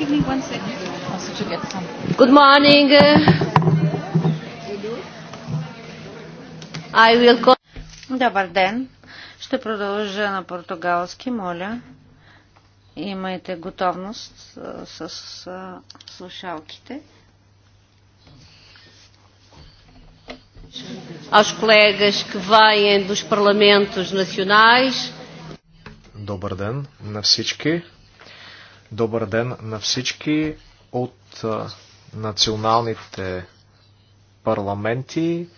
Good morning. I will call... Добър ден. Ще продължа на португалски, моля. Имайте готовност с слушалките. Aos colegas que vêm dos parlamentos Добър ден на всички Добър ден на всички от националните парламенти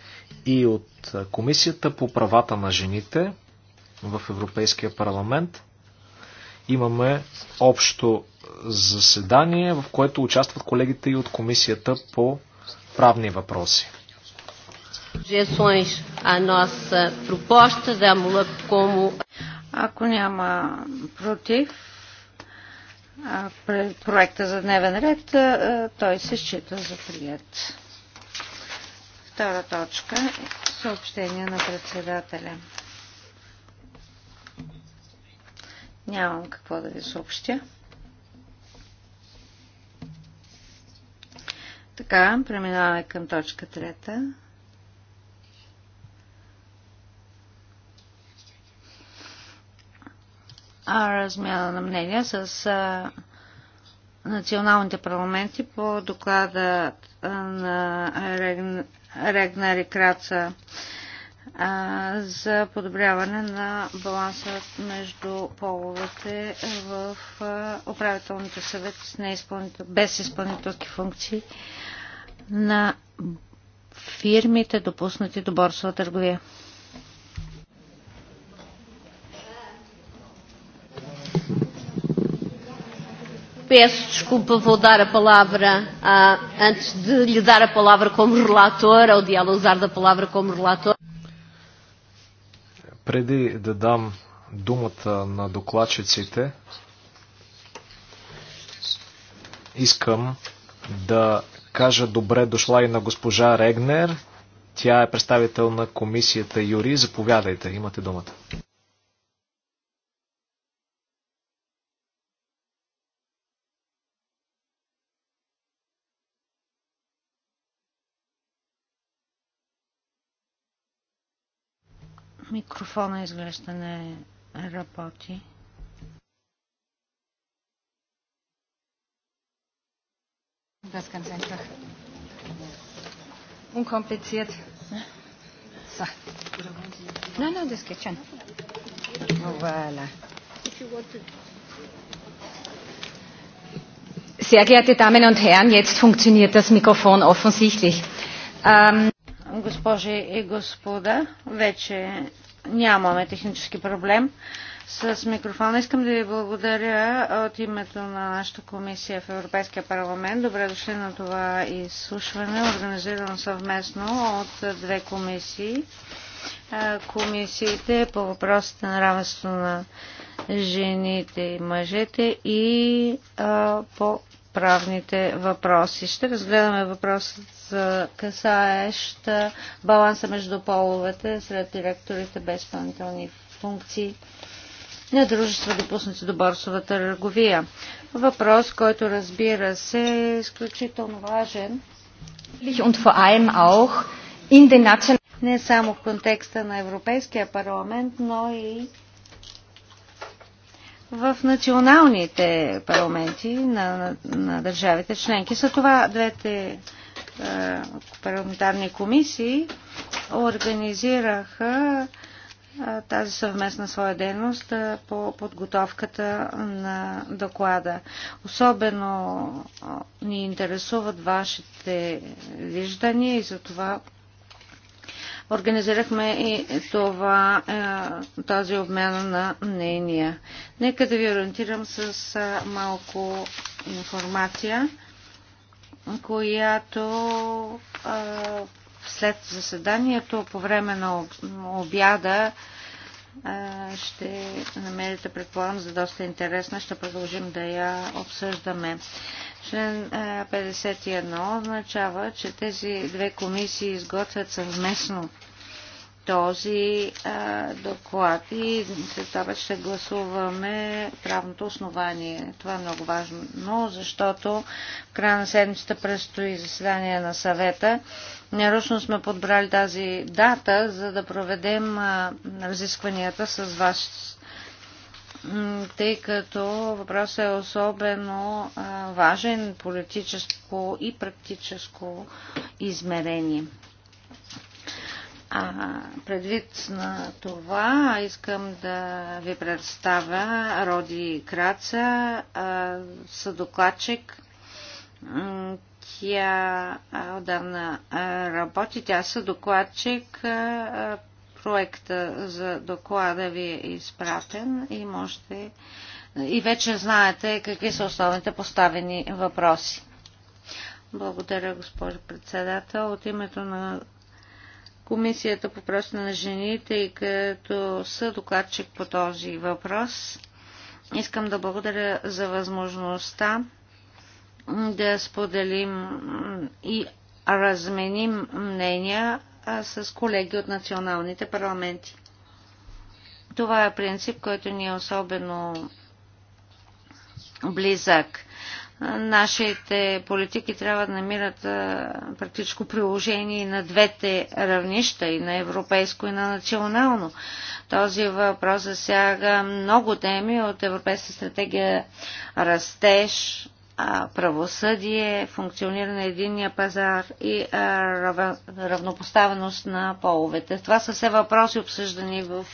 и от Комисията по правата на жените в Европейския парламент. Имаме общо заседание, в което участват колегите и от Комисията по правни въпроси. Ако няма против, проекта за дневен ред, той се счита за прият. Втора точка – съобщение на председателя. Нямам какво да ви съобщя. Така, преминаваме към точка трета. размяна на мнения с а, националните парламенти по доклада на Регн... Краца а, за подобряване на баланса между половете в управителните съвети без изпълнителски функции на фирмите, допуснати до борсова търговия. peço desculpa, vou dar a palavra, a, ah, antes de lhe dar a palavra como relator, ou de ela usar da palavra como relator. Преди да дам думата на докладчиците, искам да кажа добре дошла и на госпожа Регнер. Тя е представител на комисията Юри. Заповядайте, имате думата. Микрофона изглежда не работи. Das ist ganz einfach. Unkompliziert. So. das geht schon. Voilà. Sehr geehrte Damen und Herren, jetzt funktioniert das Mikrofon offensichtlich. Ähm, Госпожи и господа, вече Нямаме технически проблем с микрофона. Искам да ви благодаря от името на нашата комисия в Европейския парламент. Добре дошли на това изслушване, организирано съвместно от две комисии. Комисиите по въпросите на равенство на жените и мъжете и по правните въпроси. Ще разгледаме въпросите касаещ баланса между половете сред директорите без изпълнителни функции на дружества, допуснати до борсовата търговия. Въпрос, който разбира се е изключително важен. Не само в контекста на Европейския парламент, но и в националните парламенти на, на, на държавите членки. Са това двете е, парламентарни комисии организираха е, тази съвместна своя дейност е, по подготовката на доклада. Особено ни интересуват вашите виждания и затова организирахме и това, тази обмена на мнения. Нека да ви ориентирам с малко информация която а, след заседанието по време на обяда ще намерите, предполагам, за доста интересна. Ще продължим да я обсъждаме. Член 51 означава, че тези две комисии изготвят съвместно този а, доклад и след това ще гласуваме правното основание. Това е много важно, но защото в края на седмицата предстои заседание на съвета. Нарочно сме подбрали тази дата, за да проведем а, разискванията с вас, тъй като въпросът е особено а, важен политическо и практическо измерение. А, предвид на това, искам да ви представя Роди Краца, съдокладчик. Тя отдавна работи. Тя е съдокладчик. проекта за доклада ви е изпратен и можете и вече знаете какви са основните поставени въпроси. Благодаря, госпожо председател. От името на Комисията по просто на жените и като съдокладчик по този въпрос. Искам да благодаря за възможността да споделим и разменим мнения с колеги от националните парламенти. Това е принцип, който ни е особено близък нашите политики трябва да намират практическо приложение на двете равнища, и на европейско, и на национално. Този въпрос засяга много теми от Европейска стратегия растеж, правосъдие, функциониране на единния пазар и равнопоставеност на половете. Това са все въпроси обсъждани в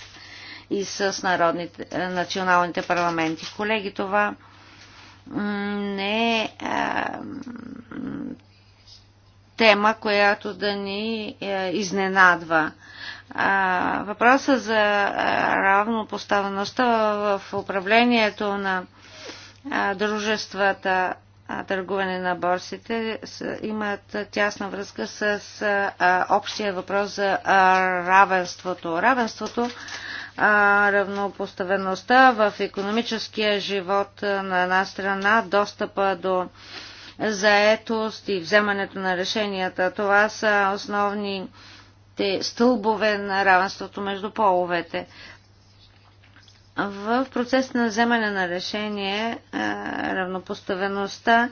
и с народните, националните парламенти. Колеги, това не е тема, която да ни е, изненадва. Въпроса за равнопоставеността в управлението на дружествата търгуване на борсите имат тясна връзка с общия въпрос за равенството. Равенството а, равнопоставеността в економическия живот на една страна, достъпа до заетост и вземането на решенията. Това са основните стълбове на равенството между половете. В процес на вземане на решение равнопоставеността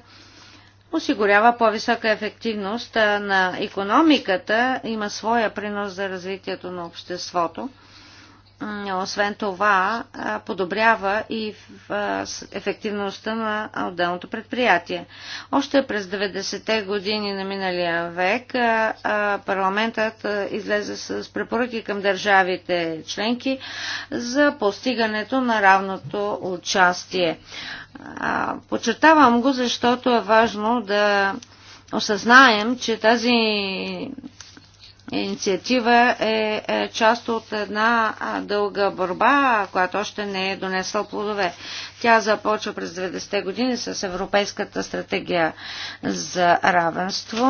осигурява по-висока ефективност на економиката, има своя принос за развитието на обществото. Освен това, подобрява и ефективността на отделното предприятие. Още през 90-те години на миналия век парламентът излезе с препоръки към държавите членки за постигането на равното участие. Подчертавам го, защото е важно да осъзнаем, че тази инициатива е, е част от една дълга борба, която още не е донесла плодове. Тя започва през 90-те години с Европейската стратегия за равенство.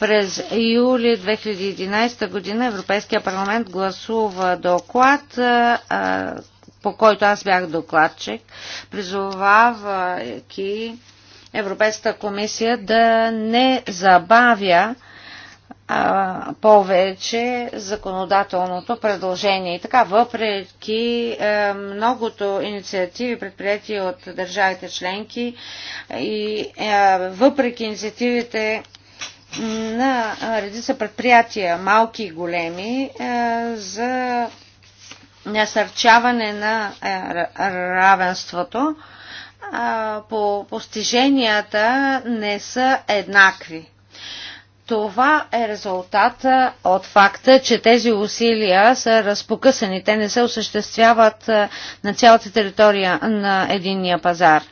През юли 2011 година Европейския парламент гласува доклад, по който аз бях докладчик, призовавайки Европейската комисия да не забавя а, повече законодателното предложение. И така, въпреки е, многото инициативи, предприяти от държавите членки и е, въпреки инициативите на редица предприятия, малки и големи, е, за насърчаване на е, равенството, по постиженията не са еднакви. Това е резултат от факта, че тези усилия са разпокъсани. Те не се осъществяват е, на цялата територия на единния пазар.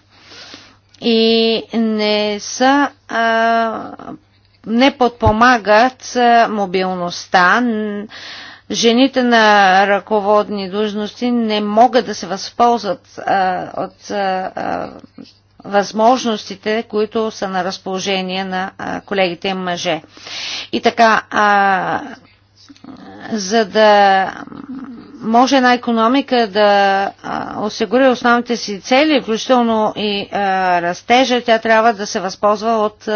И не са а, е, не подпомагат е, мобилността. Жените на ръководни длъжности не могат да се възползват а, от а, възможностите, които са на разположение на колегите им мъже. И така, а, за да може една економика да осигури основните си цели, включително и растежа, тя трябва да се възползва от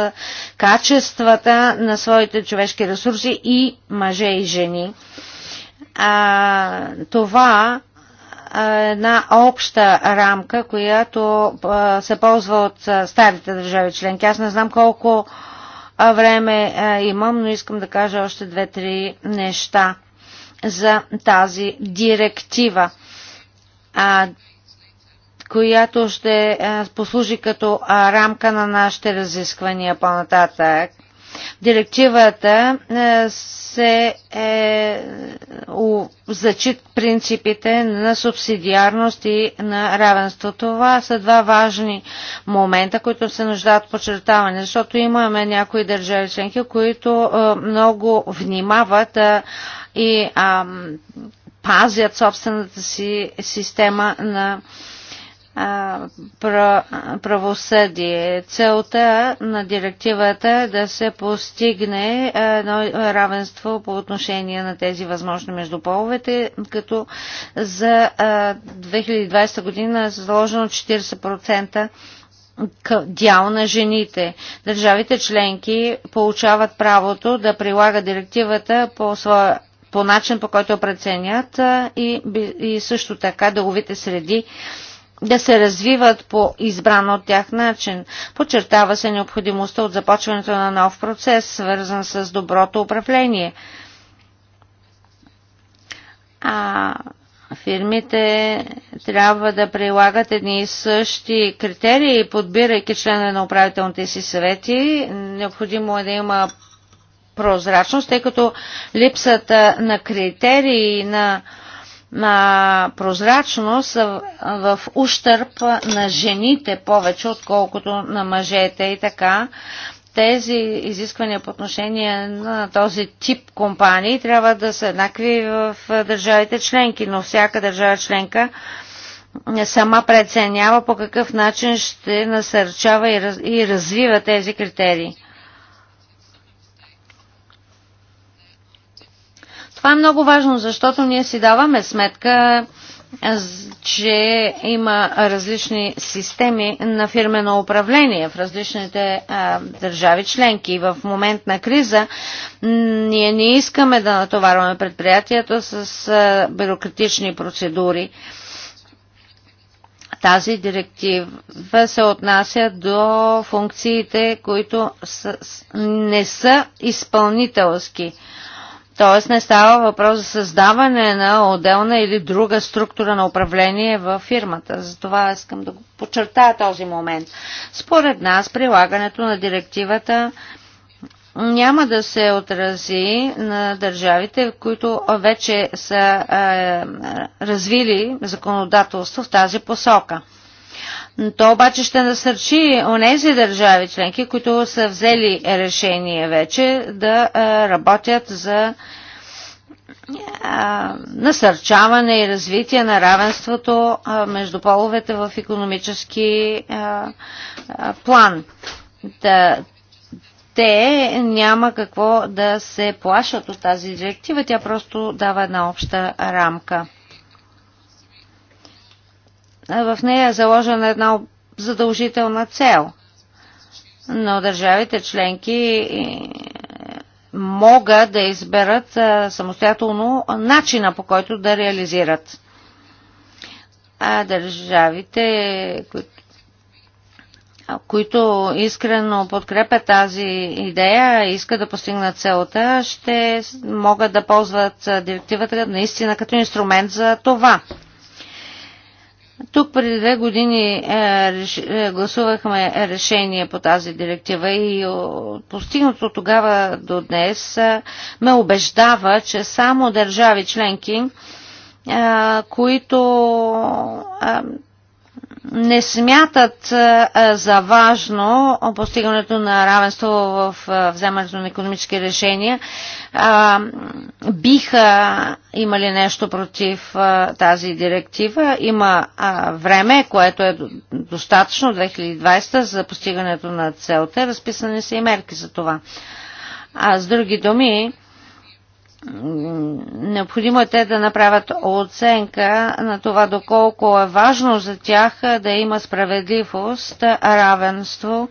качествата на своите човешки ресурси и мъже и жени. А, това една обща рамка, която се ползва от старите държави членки. Аз не знам колко време имам, но искам да кажа още две-три неща за тази директива, която ще послужи като рамка на нашите разисквания по-нататък директивата е, се е, зачит принципите на субсидиарност и на равенство. Това са два важни момента, които се нуждаят подчертаване, защото имаме някои държави членки, които е, много внимават е, и е, пазят собствената си система на е, правосъдие. Целта на директивата е да се постигне едно равенство по отношение на тези възможни между половете, като за 2020 година е заложено 40% дял на жените. Държавите членки получават правото да прилагат директивата по своя по начин, по който преценят и, и също така деловите среди да се развиват по избран от тях начин. Подчертава се необходимостта от започването на нов процес, свързан с доброто управление. А фирмите трябва да прилагат едни и същи критерии, подбирайки членове на управителните си съвети. Необходимо е да има прозрачност, тъй като липсата на критерии на на прозрачност в ущърп на жените повече, отколкото на мъжете и така. Тези изисквания по отношение на този тип компании трябва да са еднакви в държавите членки, но всяка държава членка сама преценява по какъв начин ще насърчава и развива тези критерии. Това е много важно, защото ние си даваме сметка, че има различни системи на фирмено управление в различните а, държави членки. В момент на криза ние не искаме да натоварваме предприятието с а, бюрократични процедури. Тази директива се отнася до функциите, които са, не са изпълнителски. А, Тоест не става въпрос за създаване на отделна или друга структура на управление в фирмата. Затова искам да подчертая този момент. Според нас прилагането на директивата няма да се отрази на държавите, които вече са е, развили законодателство в тази посока. То обаче ще насърчи онези държави членки, които са взели решение вече да работят за насърчаване и развитие на равенството между половете в економически план. те няма какво да се плашат от тази директива, тя просто дава една обща рамка. В нея е заложена една задължителна цел, но държавите членки е, могат да изберат е, самостоятелно начина по който да реализират. А държавите, които искрено подкрепят тази идея, искат да постигнат целта, ще могат да ползват е, директивата наистина като инструмент за това. Тук преди две години е, е, гласувахме решение по тази директива и постигнато тогава до днес е, ме убеждава, че само държави членки, които не смятат е, е, за важно постигането на равенство в е, вземането на економически решения, биха имали нещо против тази директива. Има време, което е достатъчно 2020 за постигането на целта. Разписани са и мерки за това. А с други думи, Необходимо е те да направят оценка на това доколко е важно за тях да има справедливост, равенство,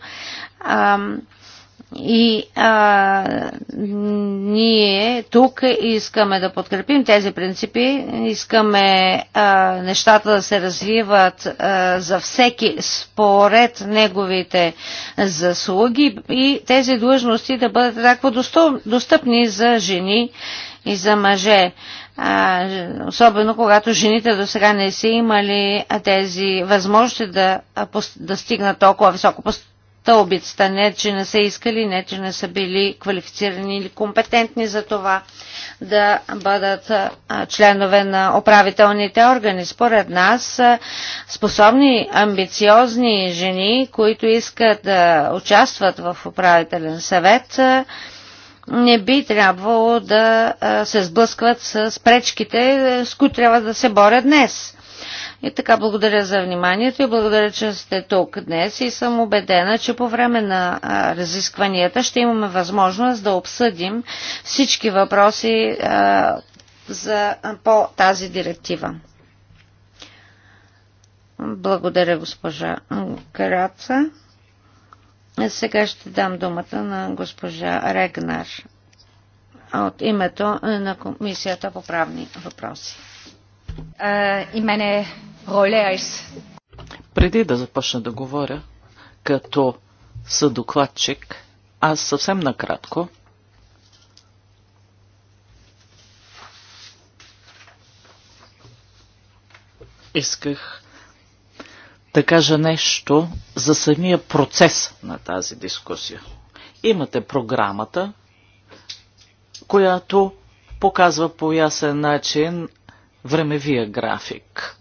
и а, ние тук искаме да подкрепим тези принципи, искаме а, нещата да се развиват а, за всеки според неговите заслуги и тези длъжности да бъдат такво достъпни за жени и за мъже. А, особено когато жените до сега не са имали тези възможности да, да стигнат толкова високо стълбицата. Не, че не са искали, не, че не са били квалифицирани или компетентни за това да бъдат членове на управителните органи. Според нас способни, амбициозни жени, които искат да участват в управителен съвет, не би трябвало да се сблъскват с пречките, с които трябва да се борят днес. И така, благодаря за вниманието и благодаря, че сте тук днес и съм убедена, че по време на разискванията ще имаме възможност да обсъдим всички въпроси а, за, по тази директива. Благодаря, госпожа Караца. Сега ще дам думата на госпожа Регнар от името на Комисията по правни въпроси. Uh, преди да започна да говоря, като съдокладчик, аз съвсем накратко исках да кажа нещо за самия процес на тази дискусия. Имате програмата, която показва по ясен начин времевия график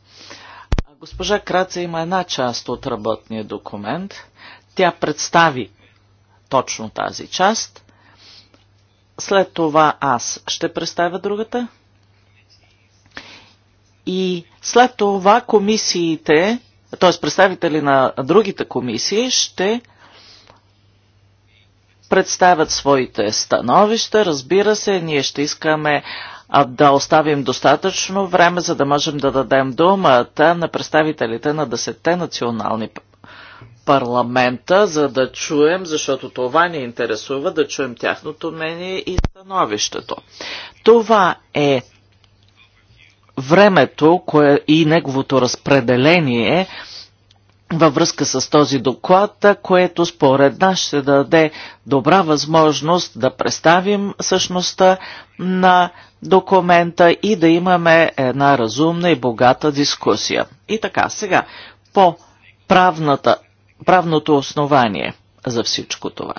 Госпожа Краца има една част от работния документ. Тя представи точно тази част. След това аз ще представя другата. И след това комисиите, т.е. представители на другите комисии, ще представят своите становища. Разбира се, ние ще искаме да оставим достатъчно време, за да можем да дадем думата на представителите на десетте национални парламента, за да чуем, защото това ни интересува, да чуем тяхното мнение и становището. Това е времето кое, и неговото разпределение във връзка с този доклад, което според нас ще даде добра възможност да представим същността на документа и да имаме една разумна и богата дискусия. И така, сега, по правната, правното основание за всичко това.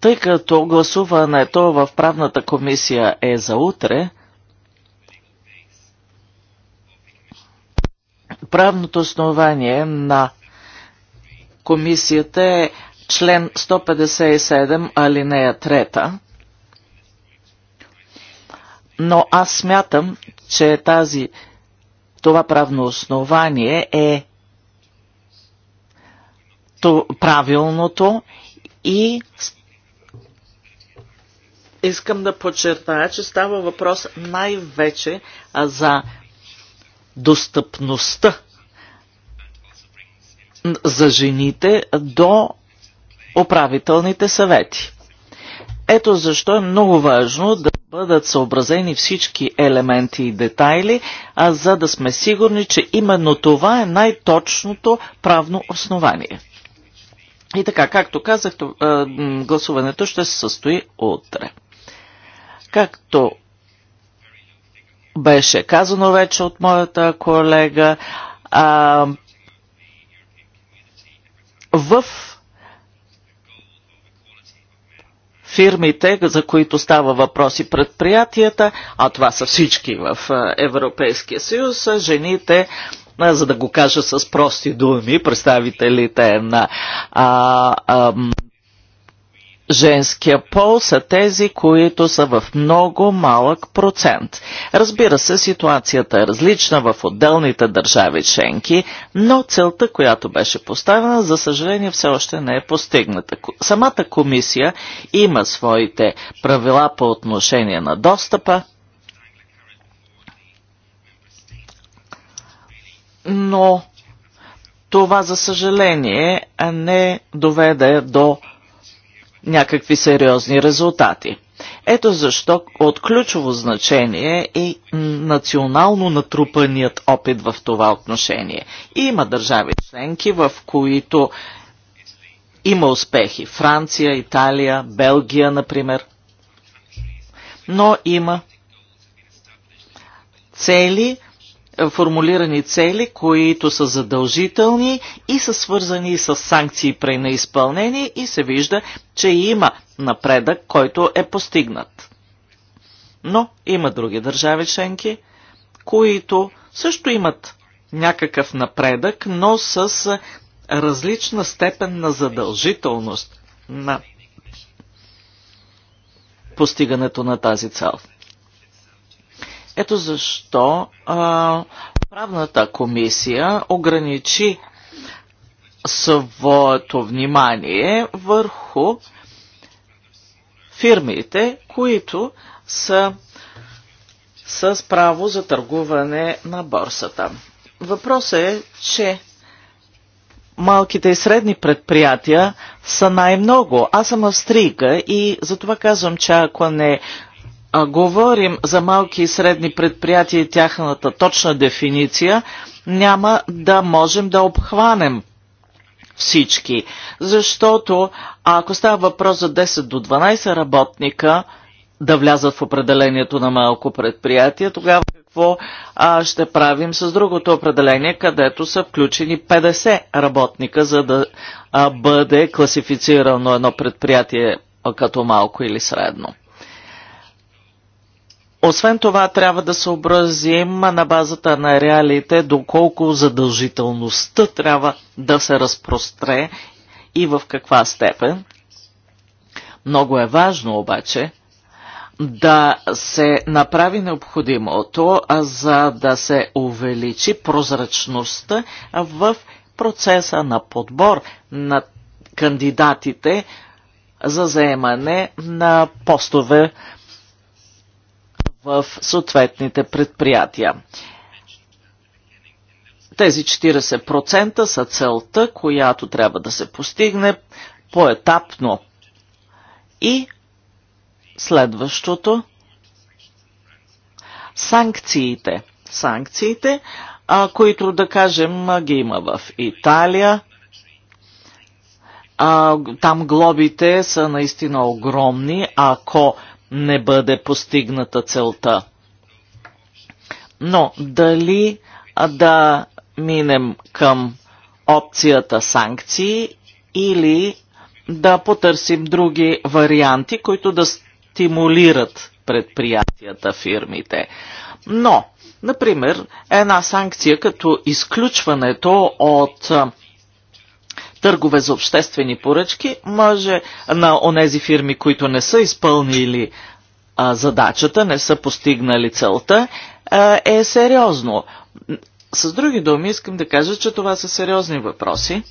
Тъй като гласуването в правната комисия е за утре, правното основание на комисията е член 157 алинея 3, но аз смятам, че тази, това правно основание е то, правилното и искам да подчертая, че става въпрос най-вече за достъпността за жените до управителните съвети. Ето защо е много важно да бъдат съобразени всички елементи и детайли, а за да сме сигурни, че именно това е най-точното правно основание. И така, както казах, е, гласуването ще се състои утре. Както беше казано вече от моята колега. А, в фирмите, за които става въпрос и предприятията, а това са всички в Европейския съюз, жените, за да го кажа с прости думи, представителите на а, а, женския пол са тези, които са в много малък процент. Разбира се, ситуацията е различна в отделните държави членки, но целта, която беше поставена, за съжаление все още не е постигната. Самата комисия има своите правила по отношение на достъпа, но това, за съжаление, не доведе до някакви сериозни резултати. Ето защо от ключово значение е национално натрупаният опит в това отношение. Има държави членки, в които има успехи. Франция, Италия, Белгия, например. Но има цели, формулирани цели, които са задължителни и са свързани с санкции при неизпълнение и се вижда, че има напредък, който е постигнат. Но има други държави членки, които също имат някакъв напредък, но с различна степен на задължителност на постигането на тази цел. Ето защо а, правната комисия ограничи своето внимание върху фирмите, които са с право за търгуване на борсата. Въпросът е, че малките и средни предприятия са най-много. Аз съм австрийка и затова казвам, че ако не говорим за малки и средни предприятия и тяхната точна дефиниция, няма да можем да обхванем всички. Защото ако става въпрос за 10 до 12 работника да влязат в определението на малко предприятие, тогава какво а, ще правим с другото определение, където са включени 50 работника, за да а, бъде класифицирано едно предприятие а, като малко или средно. Освен това, трябва да съобразим на базата на реалите, доколко задължителността трябва да се разпростре и в каква степен. Много е важно обаче да се направи необходимото, за да се увеличи прозрачността в процеса на подбор на кандидатите за заемане на постове в съответните предприятия. Тези 40% са целта, която трябва да се постигне поетапно. И следващото санкциите. Санкциите, а, които да кажем ги има в Италия. А, там глобите са наистина огромни, ако не бъде постигната целта. Но дали да минем към опцията санкции или да потърсим други варианти, които да стимулират предприятията, фирмите. Но, например, една санкция като изключването от търгове за обществени поръчки, може на онези фирми, които не са изпълнили а, задачата, не са постигнали целта, а, е сериозно. С други думи, искам да кажа, че това са сериозни въпроси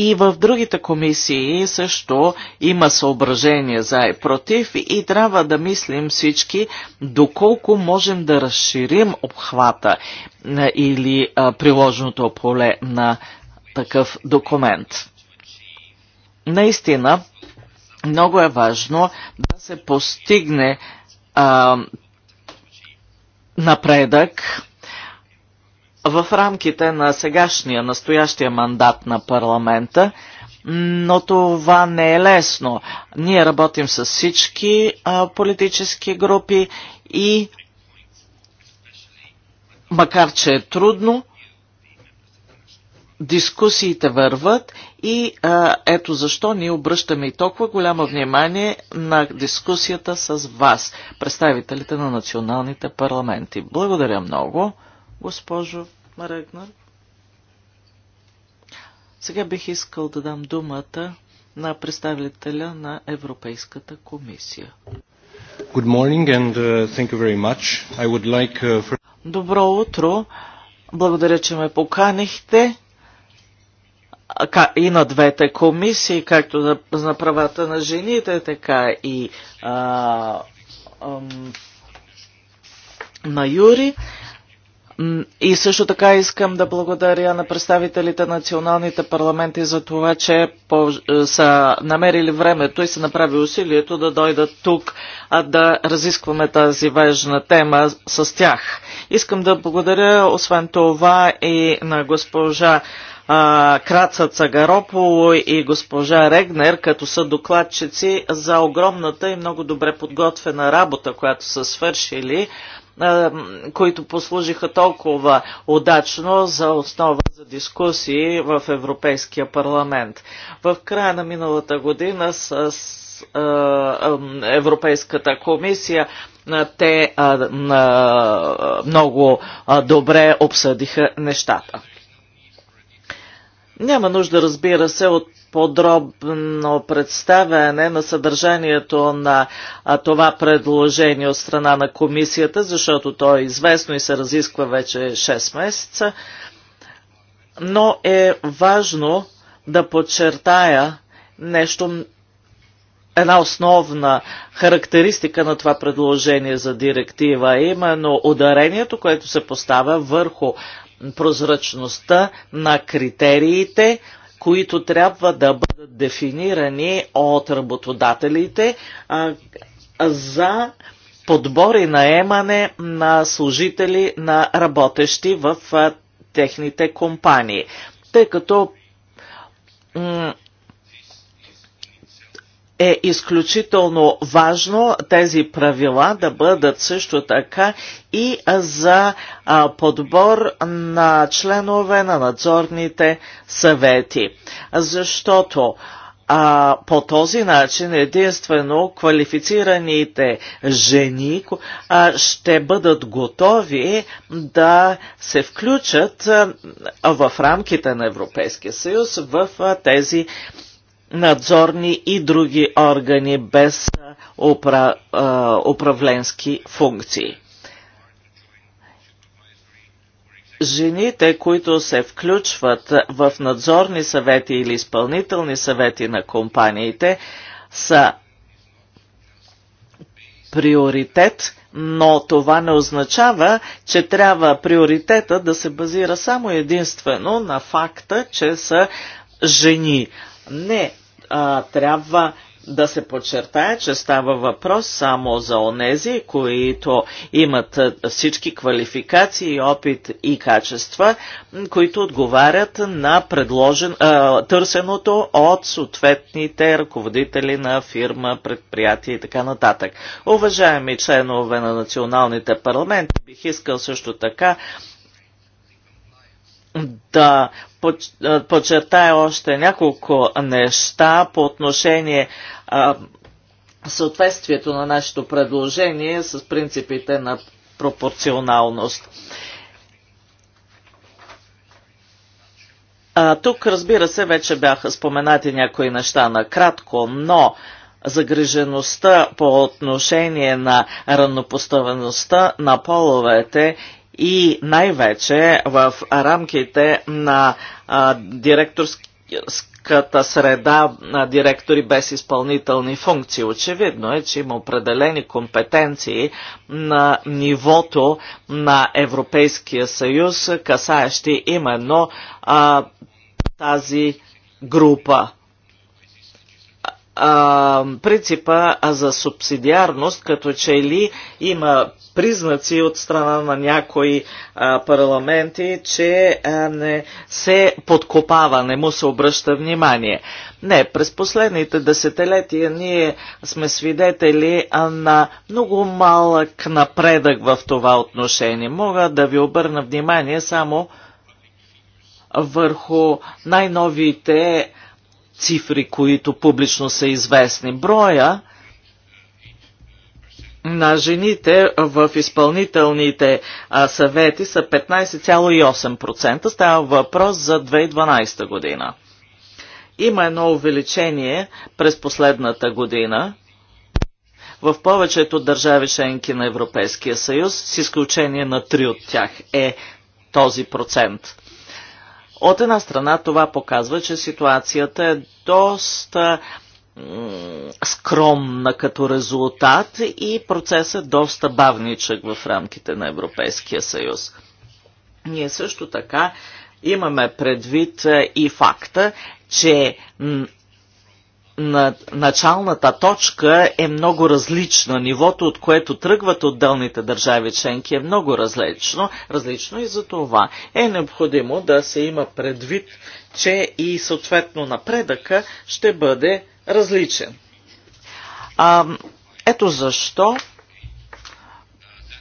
И в другите комисии също има съображения за и против и трябва да мислим всички доколко можем да разширим обхвата е, или е, приложното поле на такъв документ. Наистина, много е важно да се постигне а, е, напредък в рамките на сегашния, настоящия мандат на парламента, но това не е лесно. Ние работим с всички а, политически групи и макар че е трудно, дискусиите върват и а, ето защо ние обръщаме и толкова голямо внимание на дискусията с вас, представителите на националните парламенти. Благодаря много. Госпожо Регнар, сега бих искал да дам думата на представителя на Европейската комисия. Good morning and uh, thank you very much. I would like, uh, for... Добро утро. Благодаря, че ме поканихте и на двете комисии, както за правата на жените, така и а, ам, на Юри. И също така искам да благодаря на представителите на националните парламенти за това, че по, е, са намерили времето и са направили усилието да дойдат тук, а да разискваме тази важна тема с тях. Искам да благодаря освен това и на госпожа Краца Цагарополо и госпожа Регнер като са докладчици за огромната и много добре подготвена работа, която са свършили които послужиха толкова удачно за основа за дискусии в Европейския парламент. В края на миналата година с Европейската комисия те много добре обсъдиха нещата. Няма нужда, разбира се, от подробно представяне на съдържанието на това предложение от страна на комисията, защото то е известно и се разисква вече 6 месеца. Но е важно да подчертая нещо, една основна характеристика на това предложение за директива, именно ударението, което се поставя върху прозрачността на критериите, които трябва да бъдат дефинирани от работодателите а, за подбор и наемане на служители на работещи в а, техните компании. Тъй като е изключително важно тези правила да бъдат също така и за подбор на членове на надзорните съвети. Защото а, по този начин единствено квалифицираните жени а, ще бъдат готови да се включат а, в рамките на Европейския съюз в а, тези надзорни и други органи без упра, управленски функции. Жените, които се включват в надзорни съвети или изпълнителни съвети на компаниите, са приоритет, но това не означава, че трябва приоритета да се базира само единствено на факта, че са жени. Не, а, трябва да се подчертая, че става въпрос само за онези, които имат всички квалификации, опит и качества, които отговарят на предложен, а, търсеното от съответните ръководители на фирма, предприятия и така нататък. Уважаеми членове на националните парламенти, бих искал също така да подчертая още няколко неща по отношение а, съответствието на нашето предложение с принципите на пропорционалност. А, тук, разбира се, вече бяха споменати някои неща накратко, но загрижеността по отношение на равнопоставеността на половете и най-вече в рамките на а, директорската среда на директори без изпълнителни функции. Очевидно е, че има определени компетенции на нивото на Европейския съюз, касаещи именно а, тази група принципа за субсидиарност, като че ли има признаци от страна на някои парламенти, че не се подкопава, не му се обръща внимание. Не, през последните десетилетия ние сме свидетели на много малък напредък в това отношение. Мога да ви обърна внимание само върху най-новите цифри, които публично са известни. Броя на жените в изпълнителните съвети са 15,8%. Става въпрос за 2012 година. Има едно увеличение през последната година в повечето държави членки на Европейския съюз, с изключение на три от тях е този процент. От една страна това показва, че ситуацията е доста скромна като резултат и процесът доста бавничък в рамките на Европейския съюз. Ние също така имаме предвид е, и факта, че на началната точка е много различна. Нивото, от което тръгват отделните държави членки е много различно, различно и за това е необходимо да се има предвид, че и съответно напредъка ще бъде различен. А, ето защо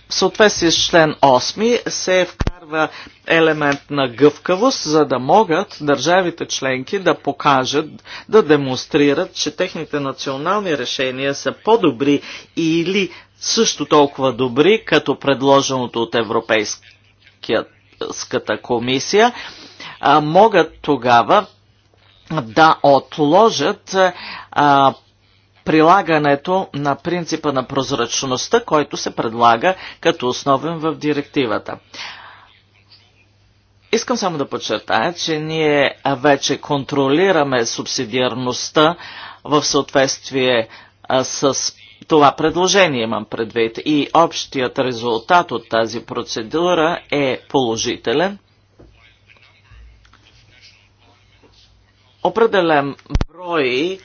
в съответствие с член 8 се вкарва елемент на гъвкавост, за да могат държавите членки да покажат, да демонстрират, че техните национални решения са по-добри или също толкова добри, като предложеното от Европейската комисия, а могат тогава да отложат а, прилагането на принципа на прозрачността, който се предлага като основен в директивата. Искам само да подчертая, че ние вече контролираме субсидиарността в съответствие а, с това предложение имам предвид и общият резултат от тази процедура е положителен определен брой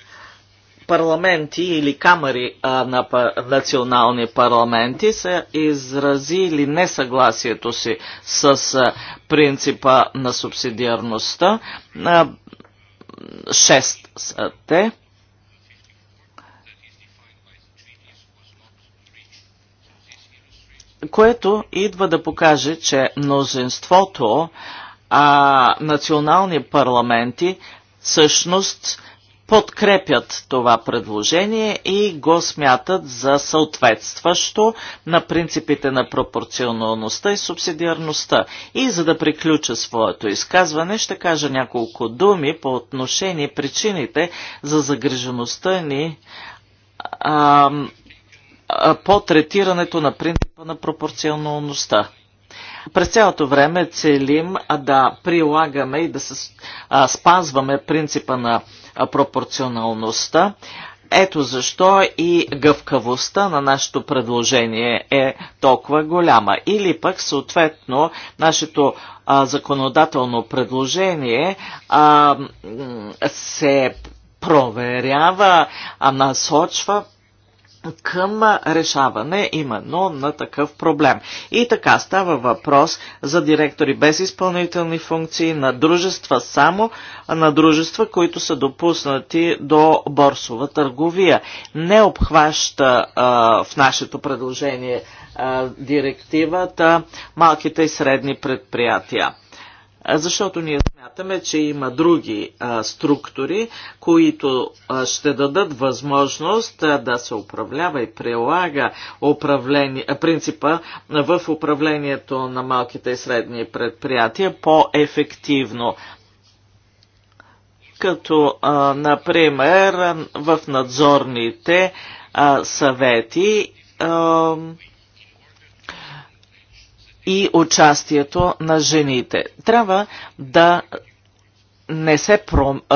парламенти или камери а, на пар... национални парламенти са изразили несъгласието си с а, принципа на субсидиарността. А, шест са те. което идва да покаже, че мнозинството а, национални парламенти всъщност подкрепят това предложение и го смятат за съответстващо на принципите на пропорционалността и субсидиарността. И за да приключа своето изказване, ще кажа няколко думи по отношение причините за загрижеността ни а, а, по третирането на принципа на пропорционалността. През цялото време целим да прилагаме и да се, спазваме принципа на пропорционалността. Ето защо и гъвкавостта на нашето предложение е толкова голяма. Или пък, съответно, нашето а, законодателно предложение а, се проверява, а насочва към решаване именно на такъв проблем. И така става въпрос за директори без изпълнителни функции на дружества само, на дружества, които са допуснати до борсова търговия. Не обхваща а, в нашето предложение а, директивата малките и средни предприятия. Защото ние Смятаме, че има други а, структури, които а, ще дадат възможност а, да се управлява и прилага а, принципа в управлението на малките и средни предприятия по-ефективно. Като, а, например, в надзорните а, съвети. А, и участието на жените. Трябва да не се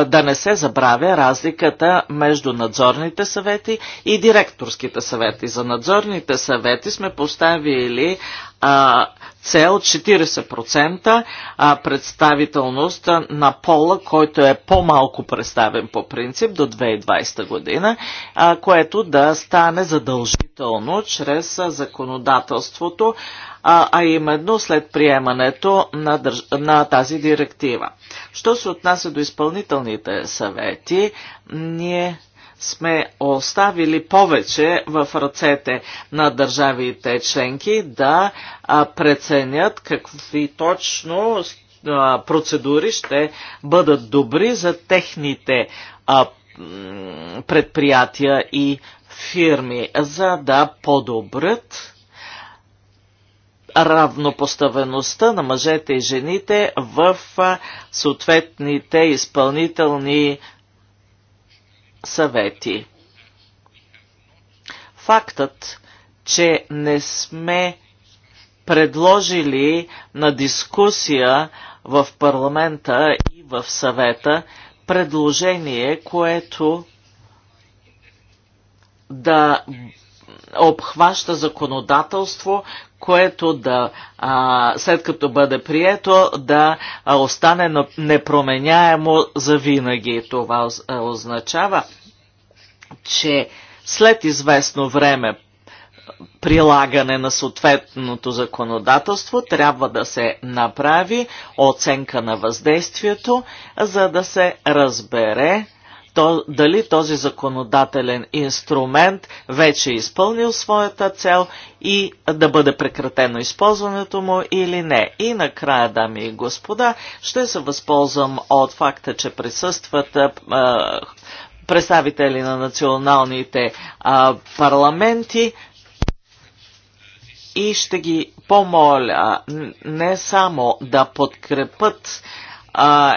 да не се забравя разликата между надзорните съвети и директорските съвети. За надзорните съвети сме поставили а, цел 40% а, представителност на пола, който е по-малко представен по принцип до 2020 година, а, което да стане задължително чрез законодателството а, а именно след приемането на, държ... на тази директива. Що се отнася до изпълнителните съвети, ние сме оставили повече в ръцете на държавите членки да преценят какви точно процедури ще бъдат добри за техните предприятия и фирми, за да подобрят равнопоставеността на мъжете и жените в съответните изпълнителни съвети. Фактът, че не сме предложили на дискусия в парламента и в съвета предложение, което да обхваща законодателство, което да, а, след като бъде прието, да остане непроменяемо за винаги. Това е, означава, че след известно време прилагане на съответното законодателство трябва да се направи оценка на въздействието, за да се разбере то, дали този законодателен инструмент вече е изпълнил своята цел и да бъде прекратено използването му или не. И накрая, дами и господа, ще се възползвам от факта, че присъстват а, представители на националните а, парламенти и ще ги помоля не само да подкрепят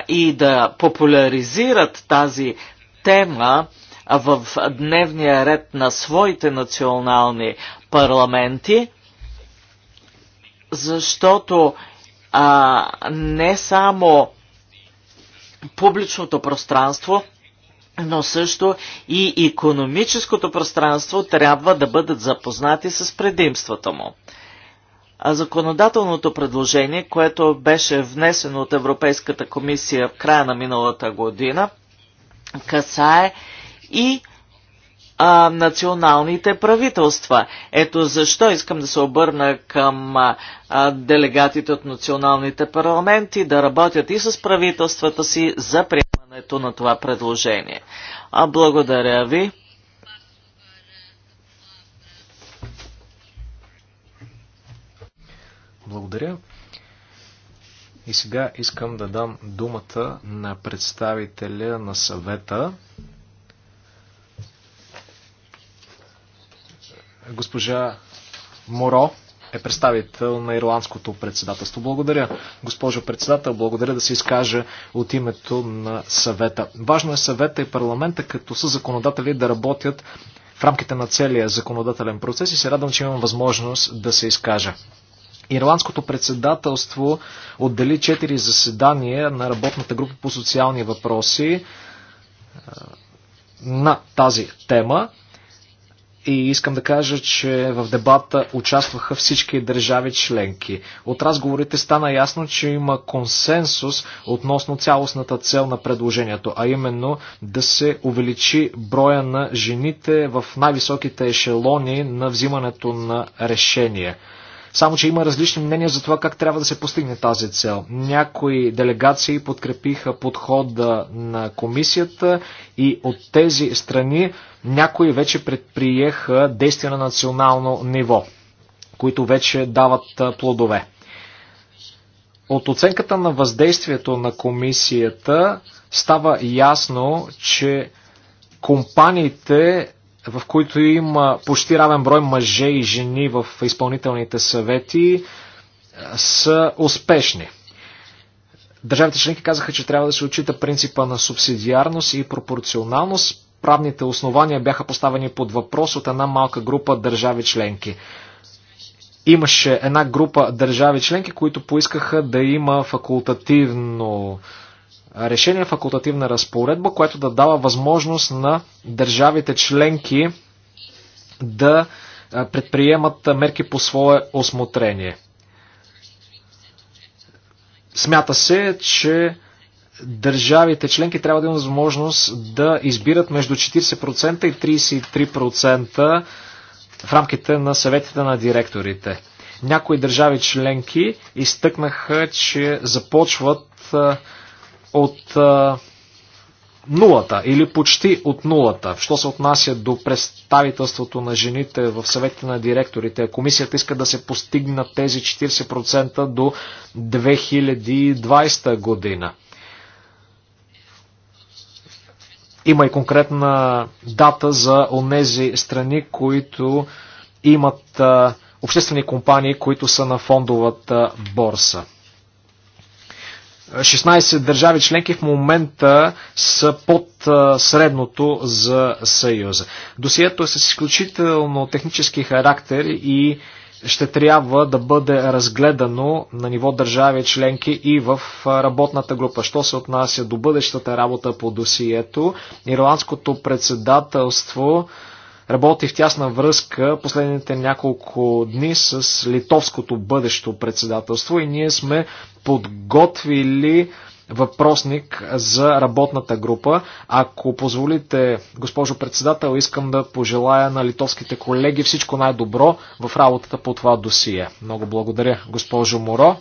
и да популяризират тази тема в дневния ред на своите национални парламенти, защото а, не само публичното пространство, но също и економическото пространство трябва да бъдат запознати с предимствата му. А законодателното предложение, което беше внесено от Европейската комисия в края на миналата година, касае и а, националните правителства. Ето защо искам да се обърна към а, делегатите от националните парламенти да работят и с правителствата си за приемането на това предложение. А благодаря ви. Благодаря. И сега искам да дам думата на представителя на съвета. Госпожа Моро е представител на Ирландското председателство. Благодаря, госпожо председател, благодаря да се изкаже от името на съвета. Важно е съвета и парламента като са законодатели да работят в рамките на целия законодателен процес и се радвам, че имам възможност да се изкажа. Ирландското председателство отдели 4 заседания на работната група по социални въпроси е, на тази тема. И искам да кажа, че в дебата участваха всички държави членки. От разговорите стана ясно, че има консенсус относно цялостната цел на предложението, а именно да се увеличи броя на жените в най-високите ешелони на взимането на решения. Само, че има различни мнения за това как трябва да се постигне тази цел. Някои делегации подкрепиха подхода на комисията и от тези страни някои вече предприеха действия на национално ниво, които вече дават плодове. От оценката на въздействието на комисията става ясно, че компаниите в които има почти равен брой мъже и жени в изпълнителните съвети, е, са успешни. Държавите членки казаха, че трябва да се отчита принципа на субсидиарност и пропорционалност. Правните основания бяха поставени под въпрос от една малка група държави членки. Имаше една група държави членки, които поискаха да има факултативно решение факултативна разпоредба, която да дава възможност на държавите членки да предприемат мерки по свое осмотрение. Смята се, че държавите членки трябва да имат възможност да избират между 40% и 33% в рамките на съветите на директорите. Някои държави членки изтъкнаха, че започват от а, нулата или почти от нулата. Що се отнася до представителството на жените в съвета на директорите, комисията иска да се постигнат тези 40% до 2020 година. Има и конкретна дата за онези страни, които имат а, обществени компании, които са на фондовата борса. 16 държави членки в момента са под средното за Съюза. Досието е с изключително технически характер и ще трябва да бъде разгледано на ниво държави членки и в работната група. Що се отнася до бъдещата работа по досието, ирландското председателство работи в тясна връзка последните няколко дни с литовското бъдещо председателство и ние сме подготвили въпросник за работната група. Ако позволите, госпожо председател, искам да пожелая на литовските колеги всичко най-добро в работата по това досие. Много благодаря, госпожо Моро.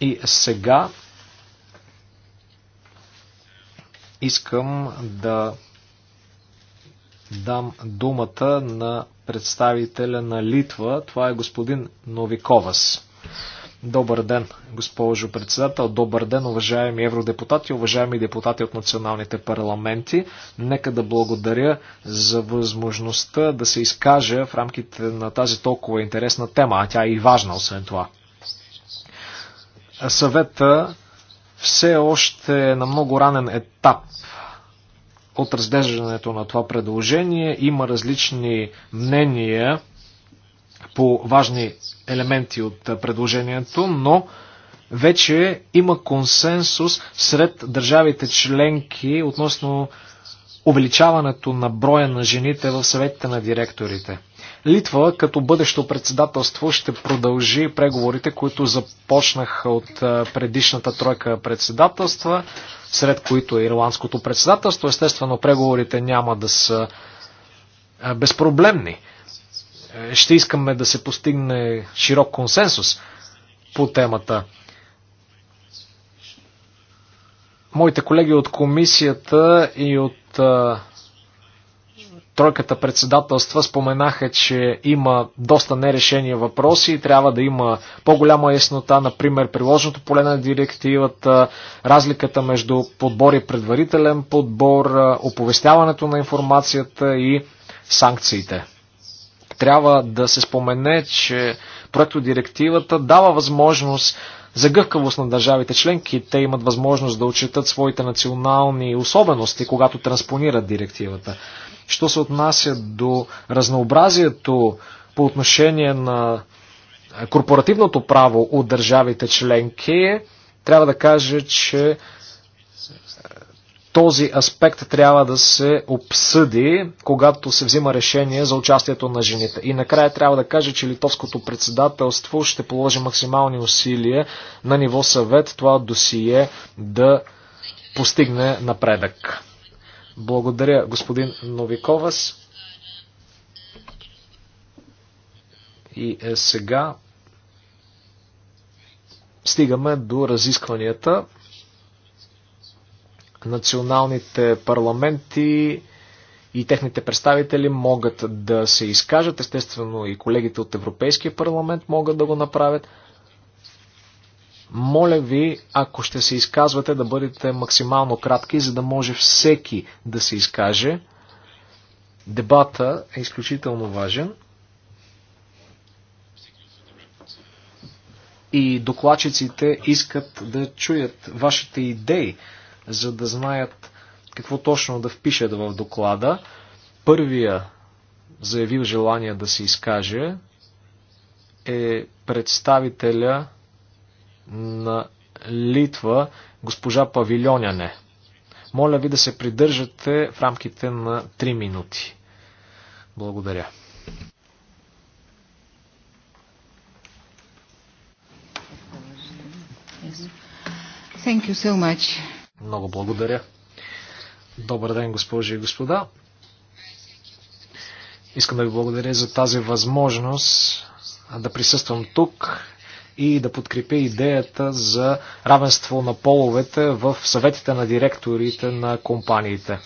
И сега искам да дам думата на представителя на Литва. Това е господин Новиковас. Добър ден, госпожо председател. Добър ден, уважаеми евродепутати, уважаеми депутати от националните парламенти. Нека да благодаря за възможността да се изкажа в рамките на тази толкова интересна тема, а тя е и важна, освен това. Съвета все още е на много ранен етап от разглеждането на това предложение. Има различни мнения по важни елементи от предложението, но вече има консенсус сред държавите членки относно увеличаването на броя на жените в съветите на директорите. Литва като бъдещо председателство ще продължи преговорите, които започнаха от предишната тройка председателства, сред които е ирландското председателство. Естествено, преговорите няма да са безпроблемни. Е, ще искаме да се постигне широк консенсус по темата. Моите колеги от комисията и от тройката председателства споменаха, че има доста нерешени въпроси и трябва да има по-голяма яснота, например приложното поле на директивата, разликата между подбор и предварителен подбор, оповестяването на информацията и санкциите. Трябва да се спомене, че директивата дава възможност за гъвкавост на държавите членки. Те имат възможност да отчитат своите национални особености, когато транспонират директивата. Що се отнася до разнообразието по отношение на корпоративното право от държавите членки, трябва да кажа, че този аспект трябва да се обсъди, когато се взима решение за участието на жените. И накрая трябва да кажа, че литовското председателство ще положи максимални усилия на ниво съвет това досие да постигне напредък. Благодаря, господин Новиковас. И е сега стигаме до разискванията. Националните парламенти и техните представители могат да се изкажат. Естествено и колегите от Европейския парламент могат да го направят. Моля ви, ако ще се изказвате, да бъдете максимално кратки, за да може всеки да се изкаже. Дебата е изключително важен. И докладчиците искат да чуят вашите идеи, за да знаят какво точно да впишат в доклада. Първия заявил желание да се изкаже е представителя на Литва, госпожа Павилионяне. Моля ви да се придържате в рамките на 3 минути. Благодаря. Thank you so much. Много благодаря. Добър ден, госпожи и господа. Искам да ви благодаря за тази възможност да присъствам тук и да подкрепя идеята за равенство на половете в съветите на директорите на компаниите.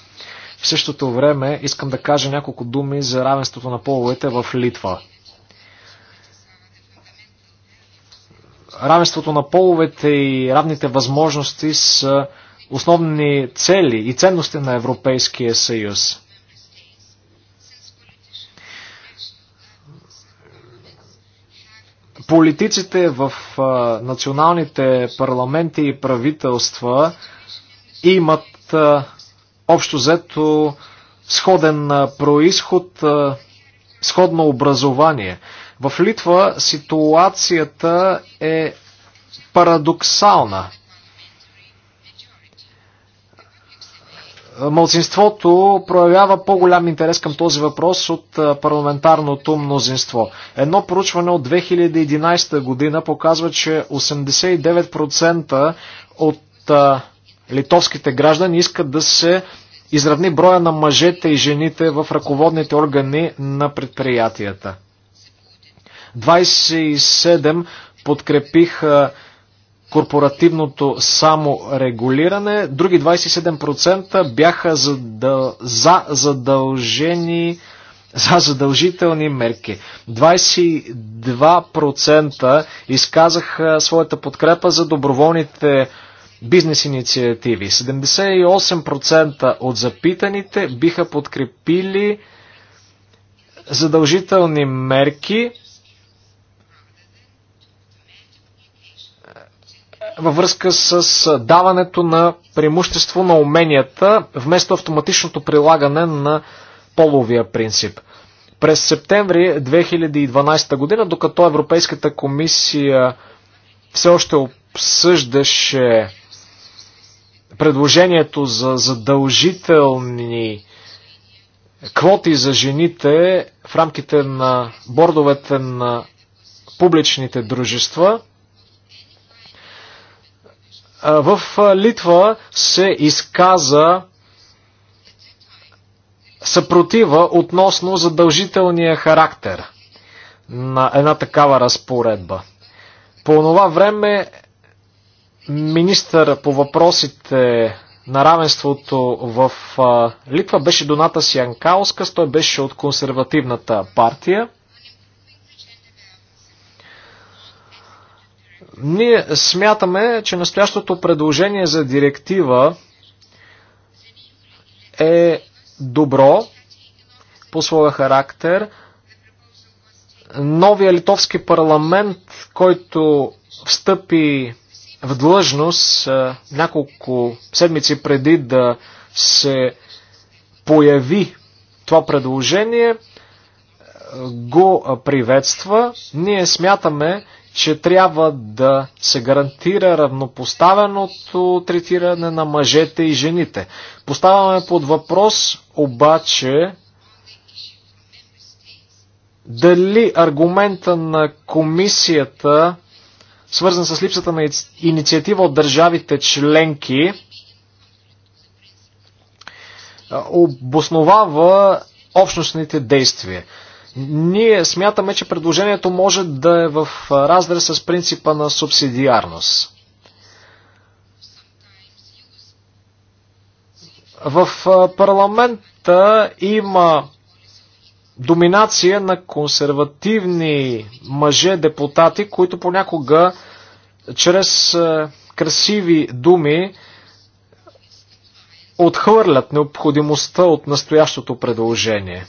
В същото време искам да кажа няколко думи за равенството на половете в Литва. Равенството на половете и равните възможности са основни цели и ценности на Европейския съюз. политиците в националните парламенти и правителства имат общо взето сходен происход, сходно образование. В Литва ситуацията е парадоксална. Мълцинството проявява по-голям интерес към този въпрос от парламентарното мнозинство. Едно проучване от 2011 година показва, че 89% от литовските граждани искат да се изравни броя на мъжете и жените в ръководните органи на предприятията. 27 подкрепиха корпоративното само регулиране. Други 27% бяха да, за задължени за задължителни мерки. 22% изказаха своята подкрепа за доброволните бизнес инициативи. 78% от запитаните биха подкрепили задължителни мерки във връзка с даването на преимущество на уменията вместо автоматичното прилагане на половия принцип. През септември 2012 година, докато Европейската комисия все още обсъждаше предложението за задължителни квоти за жените в рамките на бордовете на публичните дружества, в Литва се изказа съпротива относно задължителния характер на една такава разпоредба. По това време министър по въпросите на равенството в Литва беше Доната Сянкауска, той беше от консервативната партия – Ние смятаме, че настоящото предложение за директива е добро по своя характер. Новия литовски парламент, който встъпи в длъжност е, няколко седмици преди да се появи това предложение, го приветства. Ние смятаме, че трябва да се гарантира равнопоставеното третиране на мъжете и жените. Поставяме под въпрос обаче дали аргумента на комисията, свързан с липсата на инициатива от държавите членки, обосновава общностните действия. Ние смятаме, че предложението може да е в разрез с принципа на субсидиарност. В парламента има доминация на консервативни мъже депутати, които понякога чрез красиви думи отхвърлят необходимостта от настоящото предложение.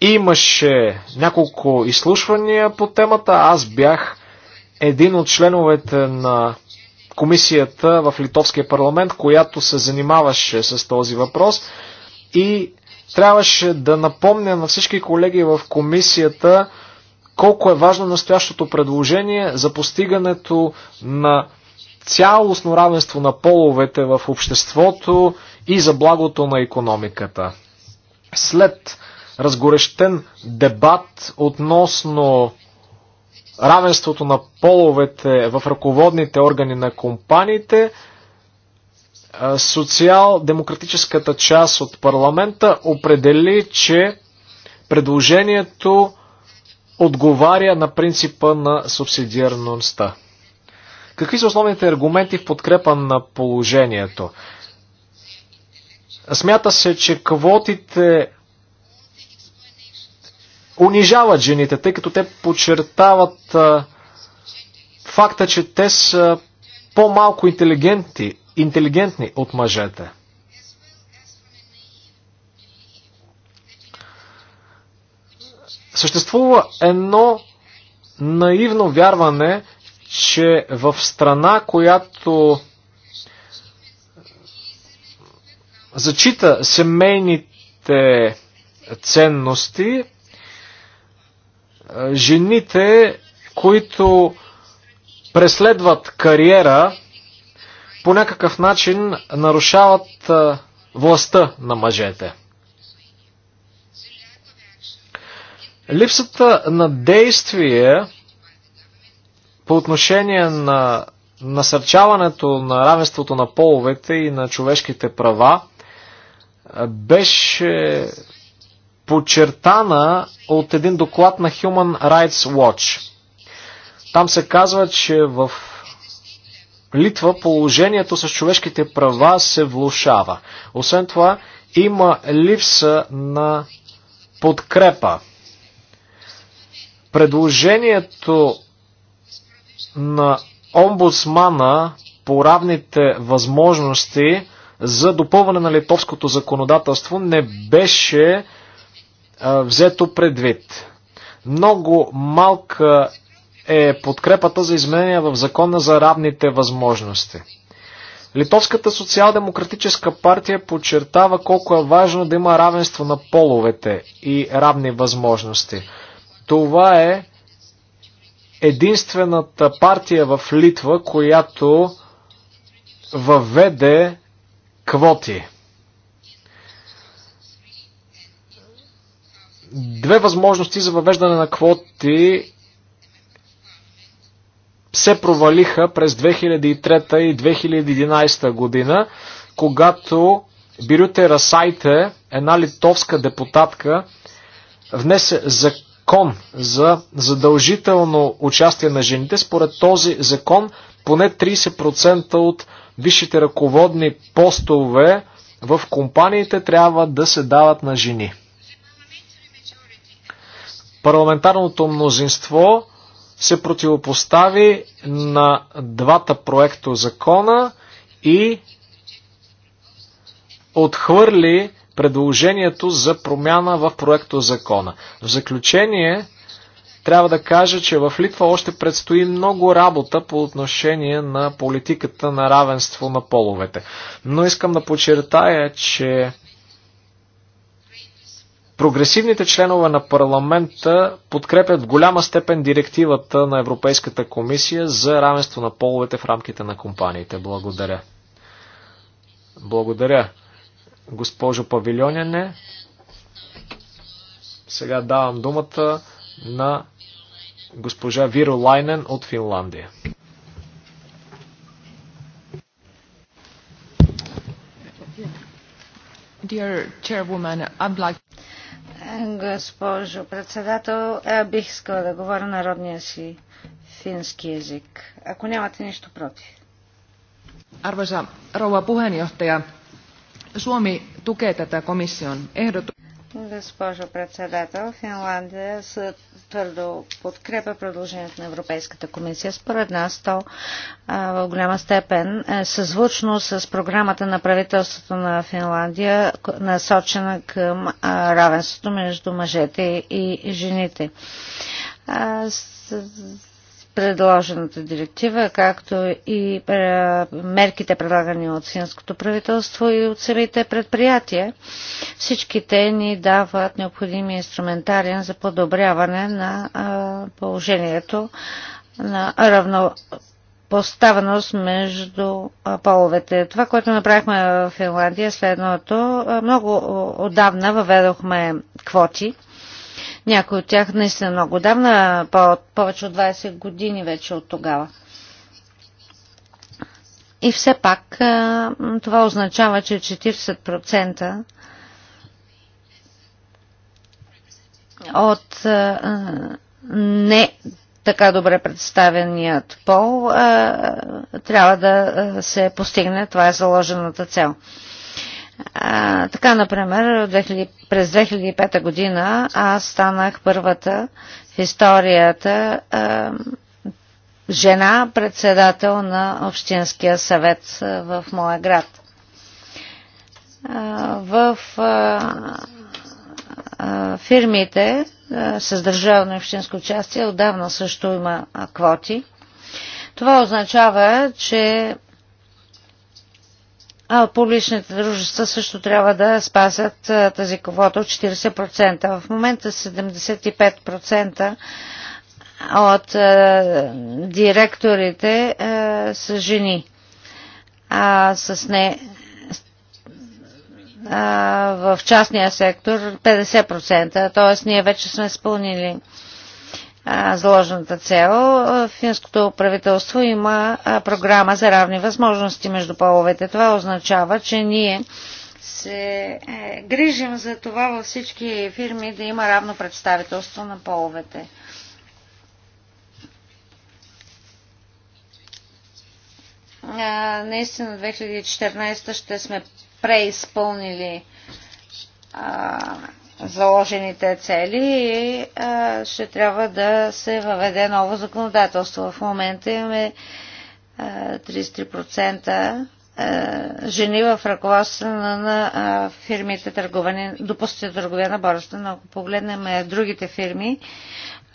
Имаше няколко изслушвания по темата. Аз бях един от членовете на комисията в Литовския парламент, която се занимаваше с този въпрос и трябваше да напомня на всички колеги в комисията колко е важно настоящото предложение за постигането на цялостно равенство на половете в обществото и за благото на економиката. След разгорещен дебат относно равенството на половете в ръководните органи на компаниите. Социал-демократическата част от парламента определи, че предложението отговаря на принципа на субсидиарността. Какви са основните аргументи в подкрепа на положението? Смята се, че квотите унижават жените, тъй като те подчертават а, факта, че те са по-малко интелигентни, интелигентни от мъжете. Съществува едно наивно вярване, че в страна, която зачита семейните ценности, жените, които преследват кариера, по някакъв начин нарушават властта на мъжете. Липсата на действие по отношение на насърчаването на равенството на половете и на човешките права беше подчертана от един доклад на Human Rights Watch. Там се казва, че в Литва положението с човешките права се влушава. Освен това, има липса на подкрепа. Предложението на омбудсмана по равните възможности за допълване на литовското законодателство не беше взето предвид. Много малка е подкрепата за изменения в закона за равните възможности. Литовската социал-демократическа партия подчертава колко е важно да има равенство на половете и равни възможности. Това е единствената партия в Литва, която въведе квоти две възможности за въвеждане на квоти се провалиха през 2003 и 2011 година, когато Бирюте Расайте, една литовска депутатка, внесе закон за задължително участие на жените. Според този закон поне 30% от висшите ръководни постове в компаниите трябва да се дават на жени. Парламентарното мнозинство се противопостави на двата проекто закона и отхвърли предложението за промяна в проекто закона. В заключение, трябва да кажа, че в Литва още предстои много работа по отношение на политиката на равенство на половете. Но искам да подчертая, че Прогресивните членове на парламента подкрепят в голяма степен директивата на Европейската комисия за равенство на половете в рамките на компаниите. Благодаря. Благодаря, госпожо Павилионяне. Сега давам думата на госпожа Виро Лайнен от Финландия. Dear chairwoman, I'd like Госпожо председател, бих искала да говоря народния си фински език, ако нямате нищо против. Arvoisa rouva puheenjohtaja, Suomi tukee tätä komission ehdotusta. Госпожо председател, Финландия се твърдо подкрепя предложението на Европейската комисия. Според нас то в голяма степен е съзвучно с програмата на правителството на Финландия, насочена към равенството между мъжете и жените предложената директива, както и е, мерките предлагани от синското правителство и от самите предприятия. Всички те ни дават необходими инструментариен за подобряване на е, положението на равнопоставеност между е, половете. Това, което направихме в Финландия, следното. Много отдавна въведохме квоти някои от тях наистина много давна, повече от 20 години вече от тогава. И все пак това означава, че 40% от не така добре представеният пол трябва да се постигне. Това е заложената цел. А, така, например, през 2005 година аз станах първата в историята а, жена председател на Общинския съвет в моя град. А, в фирмите с държавно и общинско участие отдавна също има квоти. Това означава, че а публичните дружества също трябва да спасят тази квота от 40%. В момента 75% от а, директорите а, са жени. А с не а, в частния сектор 50%, т.е. ние вече сме изпълнили заложената цел. Финското правителство има програма за равни възможности между половете. Това означава, че ние се е, грижим за това във всички фирми да има равно представителство на половете. наистина 2014 ще сме преизпълнили заложените цели и а, ще трябва да се въведе ново законодателство. В момента имаме а, 33% жени в ръководство на, на фирмите търговани, допустите търговия на борщата, но ако погледнем другите фирми,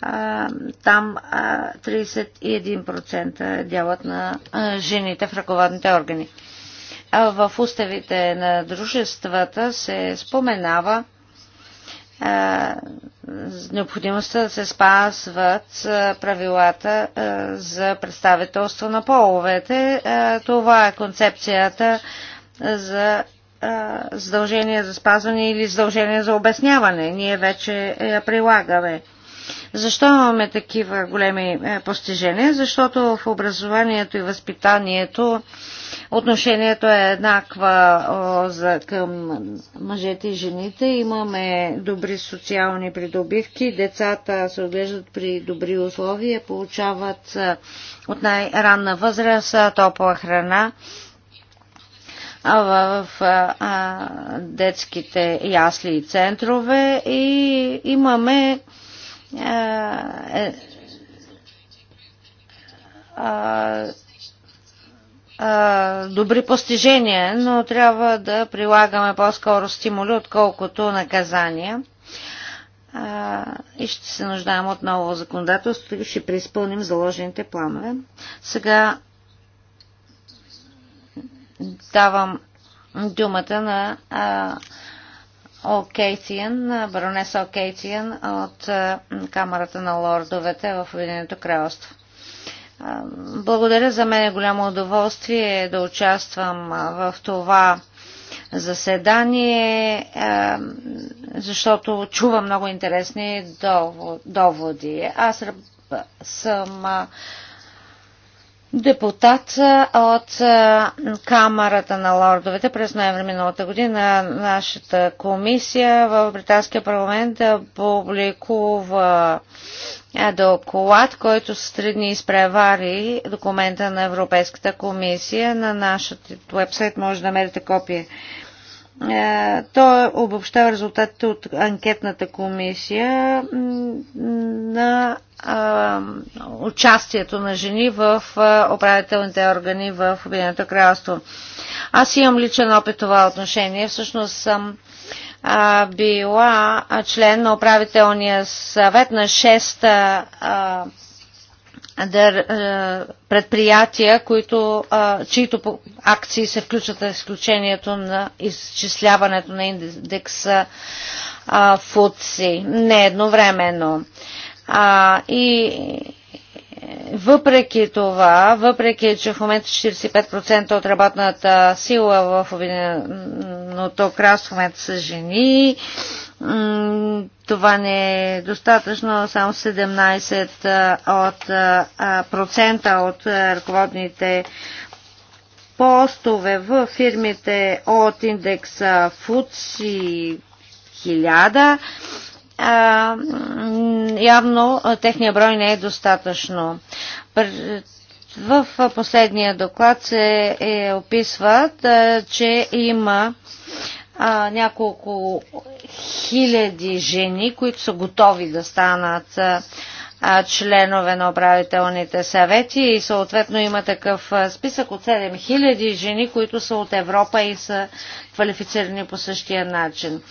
а, там а, 31% е дялът на а, жените в ръководните органи. А в уставите на дружествата се споменава необходимостта да се спазват правилата за представителство на половете. Това е концепцията за задължение за спазване или задължение за обясняване. Ние вече я прилагаме. Защо имаме такива големи е, постижения? Защото в образованието и възпитанието отношението е еднаква за, към мъжете и жените. Имаме добри социални придобивки, децата се отглеждат при добри условия, получават е, от най-ранна възраст е, топла храна в детските ясли и центрове и имаме е, е, добри постижения, но трябва да прилагаме по-скоро стимули, отколкото наказания. и ще се нуждаем от ново законодателство и ще преизпълним заложените планове. Сега давам думата на а, О'Кейтиен, Баронеса О'Кейтиен от Камерата на лордовете в Обединеното кралство. Благодаря за мен е голямо удоволствие да участвам в това заседание, защото чувам много интересни доводи. Аз съм депутат от Камерата на лордовете през ноември миналата година. Нашата комисия в Британския парламент публикува доклад, който с три дни изпревари документа на Европейската комисия. На нашия вебсайт може да намерите копие е, той обобщава резултатите от анкетната комисия на участието на жени в управителните органи в Обединеното кралство. Аз имам личен опит това отношение. Всъщност съм била член на управителния съвет на 6 е, предприятия, които, е, чието акции се включват в изключението на изчисляването на индекса е, ФУЦИ. Не едновременно. И въпреки това, въпреки че в момента 45% от работната сила в Обединеното кралство в момента са жени, това не е достатъчно, само 17% от, процента от ръководните постове в фирмите от индекса FUTSI 1000 явно техния брой не е достатъчно. В последния доклад се е описват, че има а, няколко хиляди жени, които са готови да станат а, членове на управителните съвети и съответно има такъв списък от 7000 жени, които са от Европа и са квалифицирани по същия начин.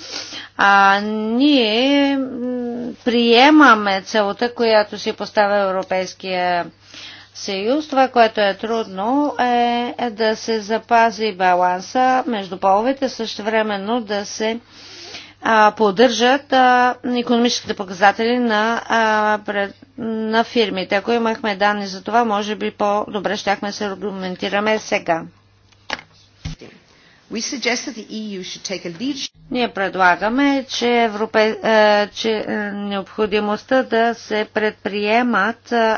А, ние приемаме целта, която си поставя Европейския съюз. Това, което е трудно е да се запази баланса между половете, също времено да се а, поддържат а, економическите показатели на, а, пред, на фирмите. Ако имахме данни за това, може би по-добре щяхме се аргументираме сега. E Ние предлагаме, че, европе... Е, че е, необходимостта да се предприемат е,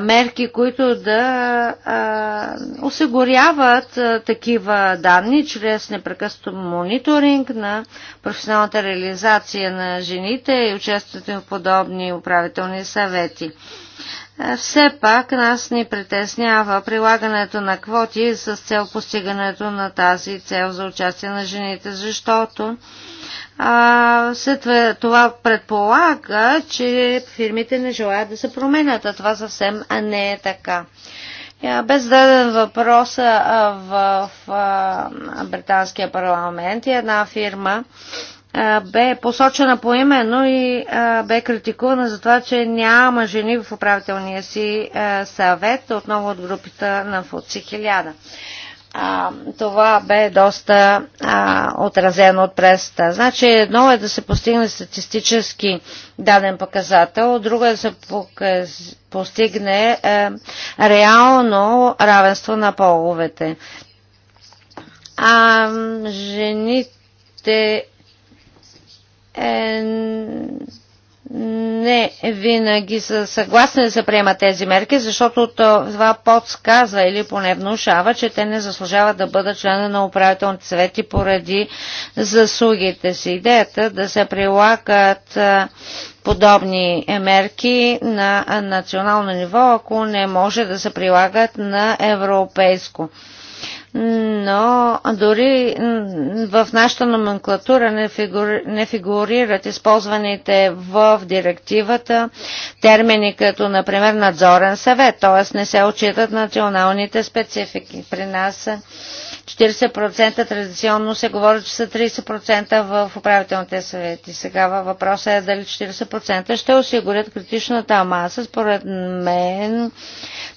мерки, които да а, осигуряват а, такива данни чрез непрекъснато мониторинг на професионалната реализация на жените и участието им в подобни управителни съвети. все пак нас ни притеснява прилагането на квоти с цел постигането на тази цел за участие на жените, защото а, след това предполага, че фирмите не желаят да се променят, а това съвсем не е така. Без даден въпрос в, в британския парламент и една фирма бе посочена по но и бе критикувана за това, че няма жени в управителния си съвет, отново от групата на ФУЦИ 1000 а, това бе доста а, отразено от пресата. Значи едно е да се постигне статистически даден показател, друго е да се постигне а, е, реално равенство на половете. А жените е, не винаги са съгласни да се приемат тези мерки, защото това подсказва или поне внушава, че те не заслужават да бъдат члена на управителните съвети поради заслугите си. Идеята да се прилагат подобни мерки на национално ниво, ако не може да се прилагат на европейско но дори в нашата номенклатура не, фигури, не фигурират използваните в директивата термини като, например, надзорен съвет, т.е. не се отчитат националните специфики. При нас 40% традиционно се говори, че са 30% в управителните съвети. Сега въпросът е дали 40% ще осигурят критичната маса. Според мен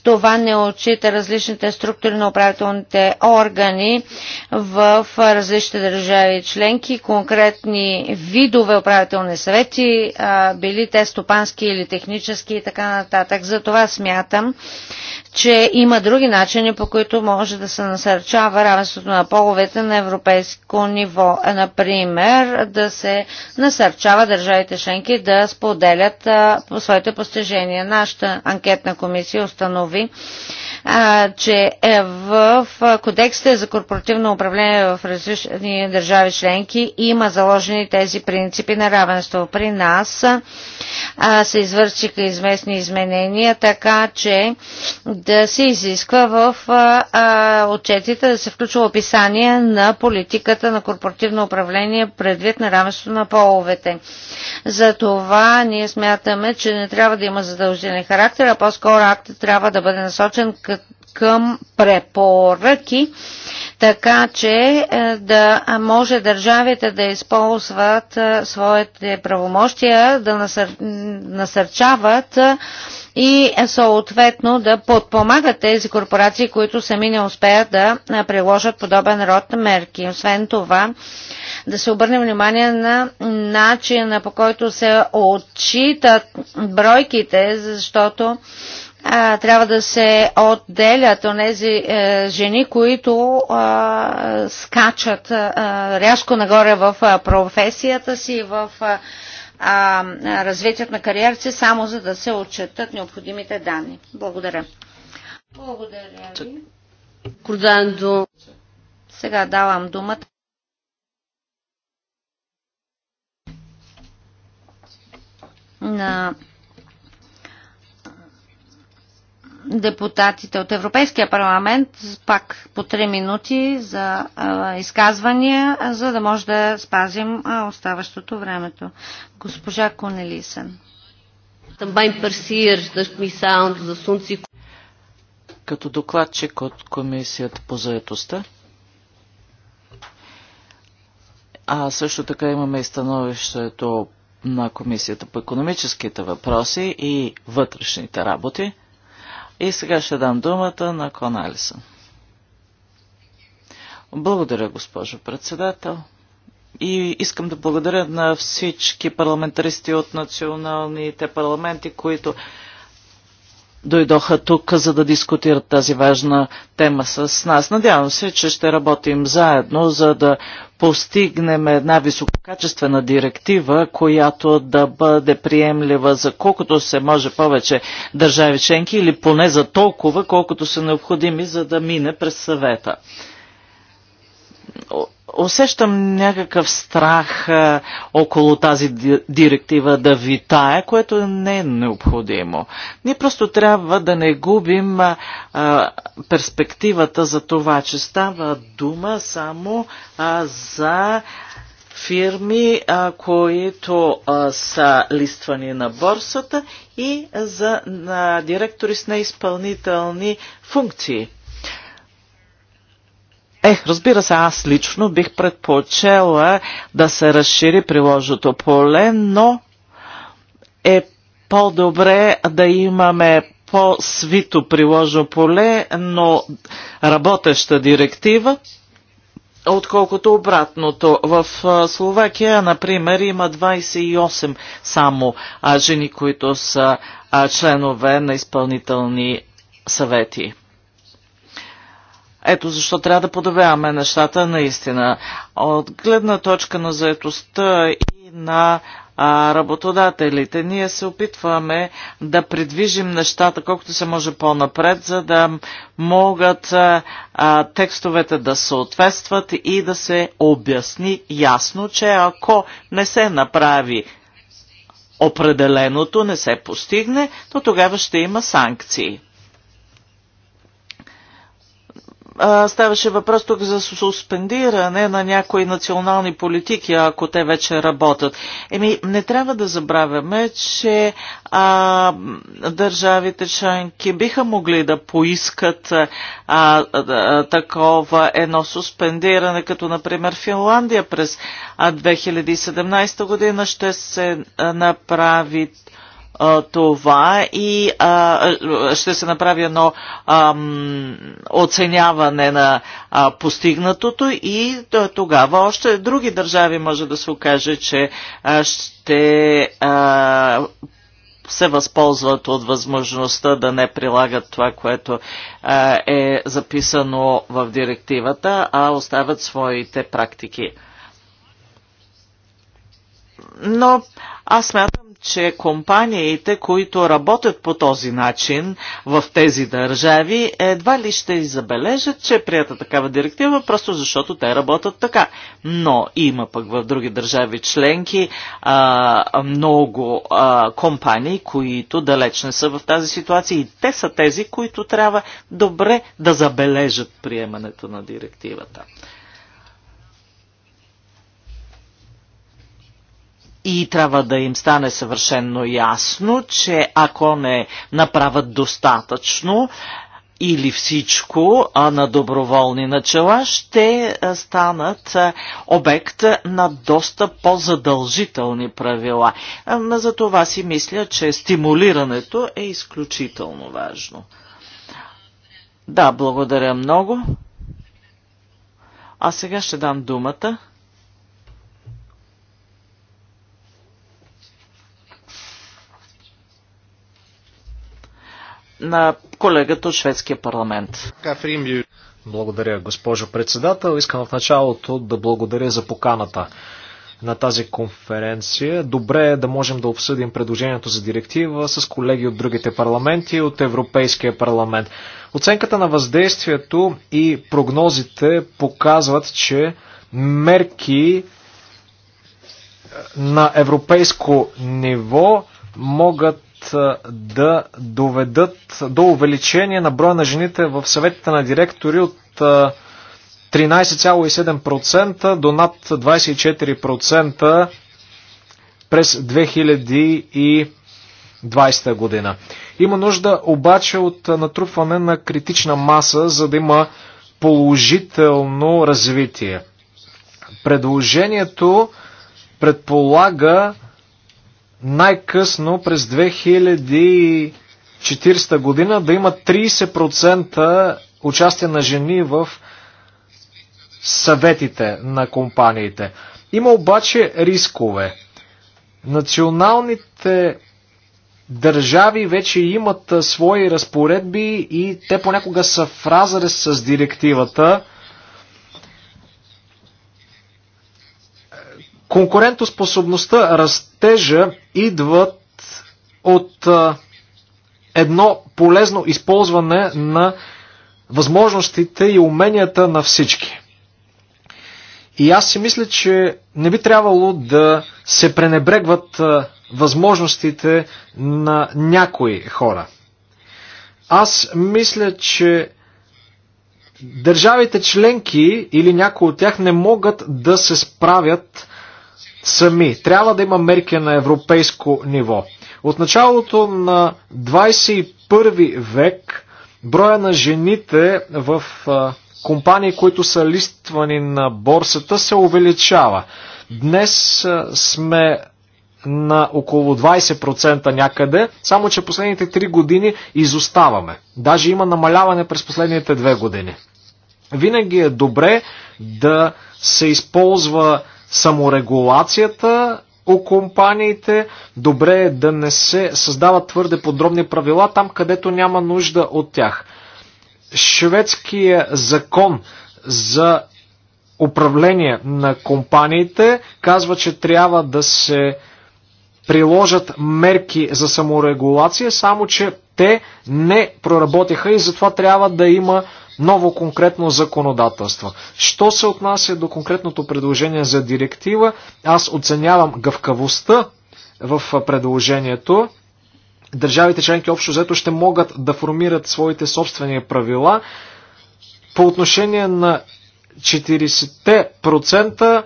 това не отчита различните структури на управителните органи в различните държави и членки, конкретни видове управителни съвети, били те стопански или технически и така нататък. Затова смятам, че има други начини, по които може да се насърчава равенството на половете на европейско ниво. Например, да се насърчава държавите членки да споделят своите постижения. Нашата анкетна комисия установи, че е в кодексите за корпоративно управление в различни държави членки има заложени тези принципи на равенство. При нас се извършиха изместни изменения, така че да се изисква в отчетите да се включва описание на политиката на корпоративно управление предвид на равенство на половете. За това ние смятаме, че не трябва да има задължителен характер, а по-скоро актът трябва да бъде насочен към към препоръки, така че е, да може държавите да използват е, своите правомощия, да насър... насърчават е, и съответно да подпомагат тези корпорации, които сами не успеят да приложат подобен род мерки. Освен това, да се обърне внимание на начина по който се отчитат бройките, защото а, трябва да се отделят от тези е, жени, които скачат рязко нагоре в професията си, в а, развитието на кариерци, само за да се отчетат необходимите данни. Благодаря. Благодаря ви. Сега давам думата. на депутатите от Европейския парламент, пак по 3 минути за изказвания, за да може да спазим оставащото времето. Госпожа Конелисен. E Като докладчик от Комисията по заедостта, а също така имаме и становището на Комисията по економическите въпроси и вътрешните работи, и сега ще дам думата на Кон Алисън. Благодаря, госпожо председател. И искам да благодаря на всички парламентаристи от националните парламенти, които дойдоха тук, за да дискутират тази важна тема с нас. Надявам се, че ще работим заедно, за да постигнем една висококачествена директива, която да бъде приемлива за колкото се може повече държави членки или поне за толкова, колкото са необходими, за да мине през съвета усещам някакъв страх а, е, около тази директива да витае, което не е необходимо. Ние просто трябва да не губим а, е, е, перспективата за това, че става дума само а, за фирми, а, които а, са листвани на борсата и за на директори с неизпълнителни функции. Ех, разбира се, аз лично бих предпочела да се разшири приложното поле, но е по-добре да имаме по-свито приложно поле, но работеща директива, отколкото обратното. В Словакия, например, има 28 само жени, които са членове на изпълнителни съвети. Ето защо трябва да подавяваме нещата наистина. От гледна точка на заетостта и на а, работодателите. Ние се опитваме да придвижим нещата колкото се може по-напред, за да могат а, текстовете да съответстват и да се обясни ясно, че ако не се направи определеното, не се постигне, то тогава ще има санкции ставаше въпрос тук за суспендиране на някои национални политики, ако те вече работят. Еми, не трябва да забравяме, че а, държавите членки биха могли да поискат а, а, а, такова едно суспендиране, като например Финландия през 2017 година ще се направи това и а, ще се направи едно а, оценяване на а, постигнатото и тогава още други държави може да се окаже, че а, ще а, се възползват от възможността да не прилагат това, което а, е записано в директивата, а оставят своите практики. Но аз смятам, че компаниите, които работят по този начин в тези държави, едва ли ще забележат, че е прията такава директива, просто защото те работят така. Но има пък в други държави членки а, много а, компании, които далеч не са в тази ситуация и те са тези, които трябва добре да забележат приемането на директивата. и трябва да им стане съвършенно ясно, че ако не направят достатъчно или всичко а на доброволни начала, ще станат обект на доста по-задължителни правила. За това си мисля, че стимулирането е изключително важно. Да, благодаря много. А сега ще дам думата на колегата от шведския парламент. Благодаря, госпожо председател. Искам в началото да благодаря за поканата на тази конференция. Добре е да можем да обсъдим предложението за директива с колеги от другите парламенти и от Европейския парламент. Оценката на въздействието и прогнозите показват, че мерки на европейско ниво могат да доведат до увеличение на броя на жените в съветите на директори от 13,7% до над 24% през 2020 година. Има нужда обаче от натрупване на критична маса, за да има положително развитие. Предложението предполага най-късно през 2040 година да има 30% участие на жени в съветите на компаниите. Има обаче рискове. Националните държави вече имат свои разпоредби и те понякога са в разрез с директивата. Конкурентоспособността, растежа идват от едно полезно използване на възможностите и уменията на всички. И аз си мисля, че не би трябвало да се пренебрегват възможностите на някои хора. Аз мисля, че държавите членки или някои от тях не могат да се справят сами. Трябва да има мерки на европейско ниво. От началото на 21 век броя на жените в компании, които са листвани на борсата, се увеличава. Днес сме на около 20% някъде, само че последните 3 години изоставаме. Даже има намаляване през последните 2 години. Винаги е добре да се използва саморегулацията у компаниите. Добре е да не се създават твърде подробни правила там, където няма нужда от тях. Шведския закон за управление на компаниите казва, че трябва да се приложат мерки за саморегулация, само че те не проработиха и затова трябва да има ново конкретно законодателство. Що се отнася до конкретното предложение за директива, аз оценявам гъвкавостта в предложението. Държавите членки общо взето ще могат да формират своите собствени правила. По отношение на 40%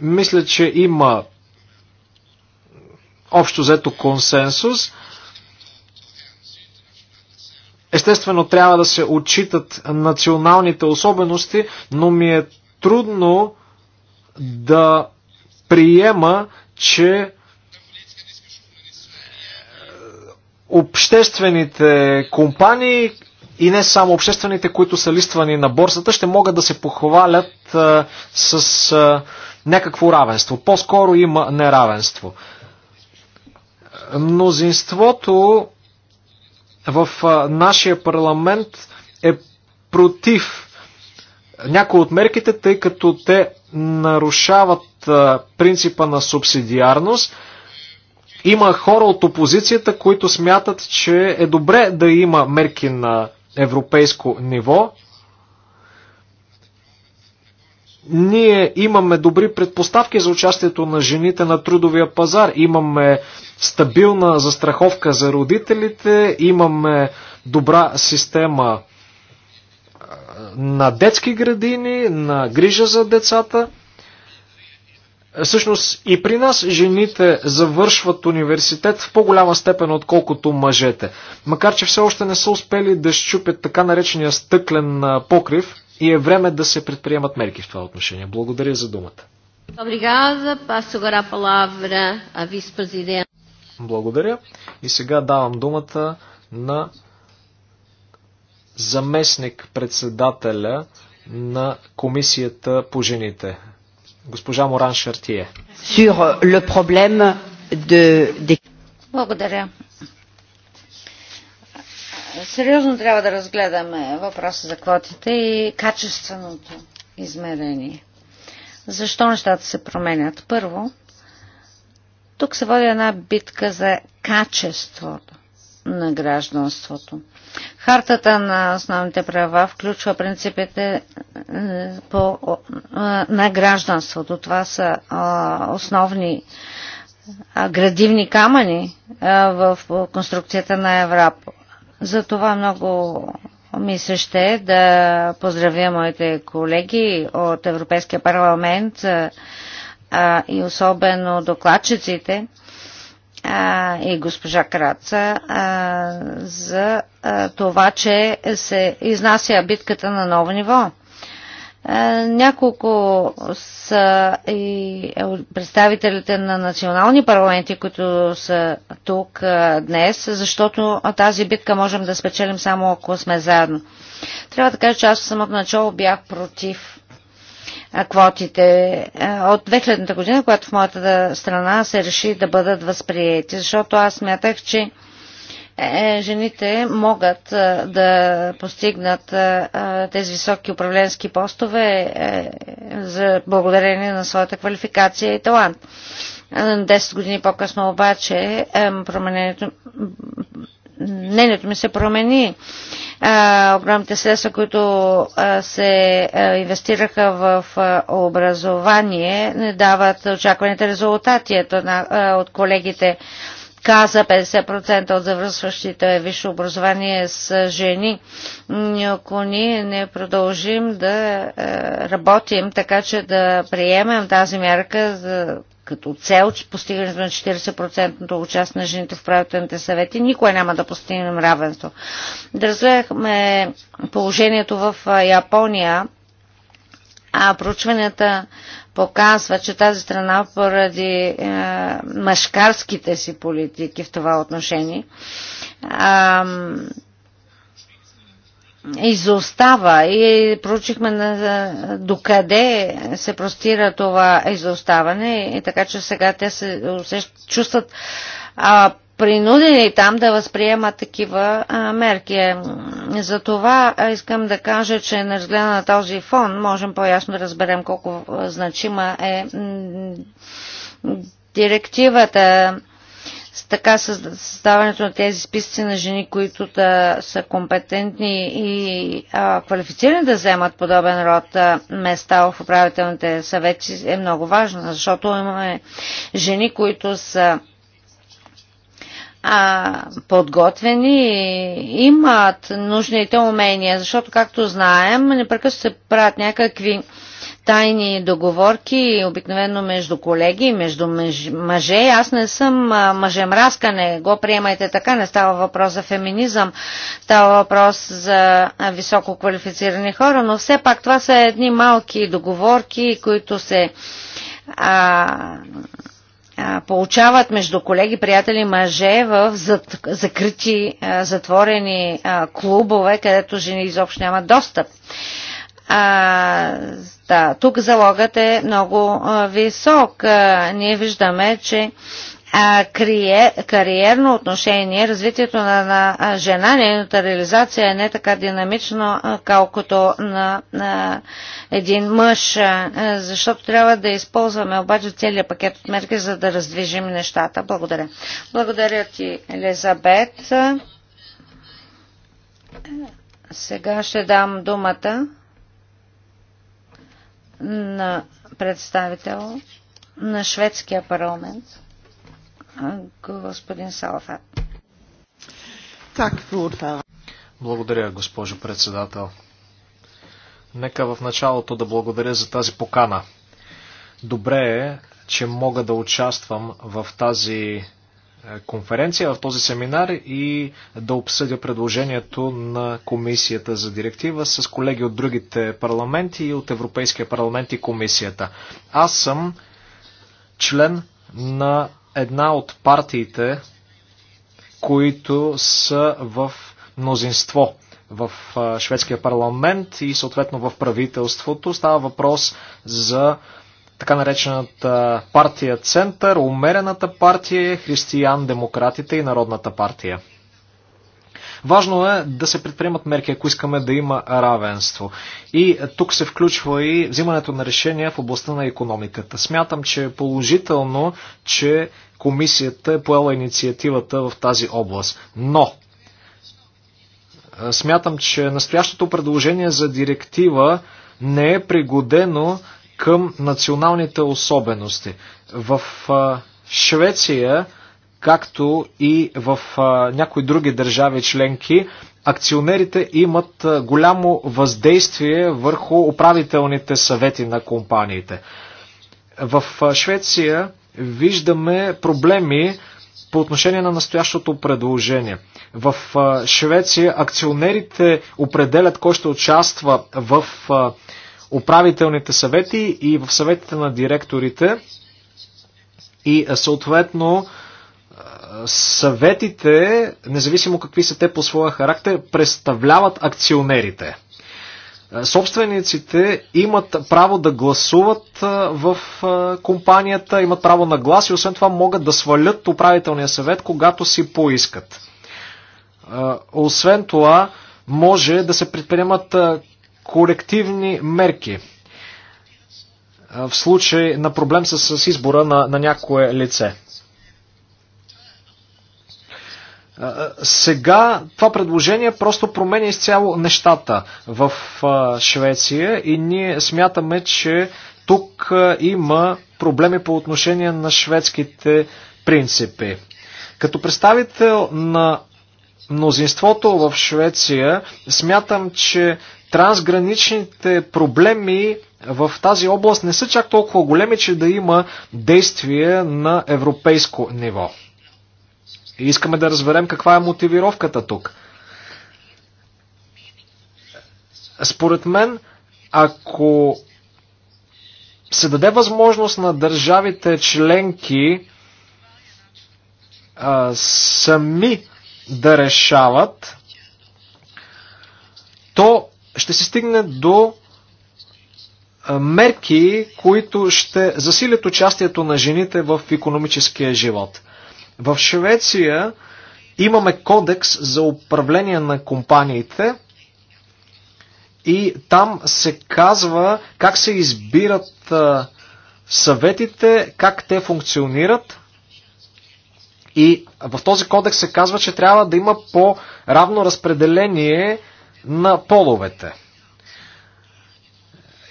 мисля, че има общо взето консенсус. Естествено, трябва да се отчитат националните особености, но ми е трудно да приема, че е, обществените компании и не само обществените, които са листвани на борсата, ще могат да се похвалят а, е, с а, е, някакво равенство. По-скоро има неравенство. Мнозинството в нашия парламент е против някои от мерките, тъй като те нарушават принципа на субсидиарност. Има хора от опозицията, които смятат, че е добре да има мерки на европейско ниво ние имаме добри предпоставки за участието на жените на трудовия пазар. Имаме стабилна застраховка за родителите, имаме добра система на детски градини, на грижа за децата. Всъщност и при нас жените завършват университет в по-голяма степен, отколкото мъжете. Макар, че все още не са успели да щупят така наречения стъклен покрив – и е време да се предприемат мерки в това отношение. Благодаря за думата. Благодаря. И сега давам думата на заместник председателя на Комисията по жените, госпожа Моран Шартие. Благодаря сериозно трябва да разгледаме въпроса за квотите и качественото измерение. Защо нещата се променят? Първо, тук се води една битка за качеството на гражданството. Хартата на основните права включва принципите е, по, е, на гражданството. Това са основни градивни камъни в конструкцията на Европа. Затова много ми се ще да поздравя моите колеги от Европейския парламент а, и особено докладчиците а, и госпожа Краца а, за а, това, че се изнася битката на ново ниво. Е, няколко са и представителите на национални парламенти, които са тук е, днес, защото тази битка можем да спечелим само ако сме заедно. Трябва да кажа, че аз в самото начало бях против е, квотите от 2000 година, когато в моята страна се реши да бъдат възприяти, защото аз смятах, че е, жените могат е, да постигнат е, тези високи управленски постове за благодарение на своята квалификация и талант. Десет години по-късно обаче променението мнението ми се промени. А, огромните средства, които а, се а, инвестираха в а, образование, не дават очакваните резултати. Ето на, а, от колегите а, каза 50% от завършващите висше образование с жени. Ако ние не продължим да е, работим така, че да приемем тази мярка за като цел, че постигането на 40% участие на жените в правителните съвети, никой няма да постигнем равенство. Да разгледахме положението в е, Япония, а проучванията показва, че тази страна поради е, мъжкарските си политики в това отношение е, изостава и проучихме на, докъде се простира това изоставане и така че сега те се усещат, чувстват а, принудени там да възприемат такива а, мерки. За това искам да кажа, че на разгледа на този фон можем по-ясно да разберем колко значима е директивата с така създаването на тези списъци на жени, които да са компетентни и а, квалифицирани да вземат подобен род а, места в управителните съвети е много важно, защото имаме жени, които са а, подготвени и имат нужните умения, защото, както знаем, непрекъснато се правят някакви тайни договорки, обикновено между колеги между мъже. Аз не съм мъжем раскане, го приемайте така, не става въпрос за феминизъм, става въпрос за високо квалифицирани хора, но все пак това са едни малки договорки, които се а, получават между колеги, приятели, мъже в закрити, затворени клубове, където жени изобщо нямат достъп. А, да, тук залогът е много висок. Ние виждаме, че а, кариерно отношение, развитието на, на жена, нейната реализация е не така динамично, колкото на, на един мъж, защото трябва да използваме обаче целият пакет от мерки, за да раздвижим нещата. Благодаря. Благодаря ти, Елизабет. Сега ще дам думата на представител на шведския парламент господин Салафат. Так, Благодаря, госпожо председател. Нека в началото да благодаря за тази покана. Добре е, че мога да участвам в тази е, конференция, в този семинар и да обсъдя предложението на Комисията за директива с колеги от другите парламенти и от Европейския парламент и Комисията. Аз съм член на една от партиите, които са в мнозинство в шведския парламент и съответно в правителството. Става въпрос за така наречената партия Център, умерената партия, християн-демократите и Народната партия. Важно е да се предприемат мерки, ако искаме да има равенство. И тук се включва и взимането на решения в областта на економиката. Смятам, че е положително, че комисията е поела инициативата в тази област. Но, смятам, че настоящото предложение за директива не е пригодено към националните особености. В Швеция както и в някои други държави членки, акционерите имат голямо въздействие върху управителните съвети на компаниите. В Швеция виждаме проблеми по отношение на настоящото предложение. В Швеция акционерите определят кой ще участва в управителните съвети и в съветите на директорите и съответно съветите, независимо какви са те по своя характер, представляват акционерите. Е, собствениците имат право да гласуват е, в е, компанията, имат право на глас и освен това могат да свалят управителния съвет, когато си поискат. Освен това, може да се предприемат колективни мерки в случай на проблем с, избора на, на някое лице. Сега това предложение просто променя изцяло нещата в Швеция и ние смятаме, че тук има проблеми по отношение на шведските принципи. Като представител на мнозинството в Швеция, смятам, че трансграничните проблеми в тази област не са чак толкова големи, че да има действие на европейско ниво. И Искаме да разберем каква е мотивировката тук. Според мен, ако се даде възможност на държавите членки а, сами да решават, то ще се стигне до мерки, които ще засилят участието на жените в економическия живот. В Швеция имаме кодекс за управление на компаниите и там се казва как се избират съветите, как те функционират. И в този кодекс се казва, че трябва да има по-равно разпределение на половете.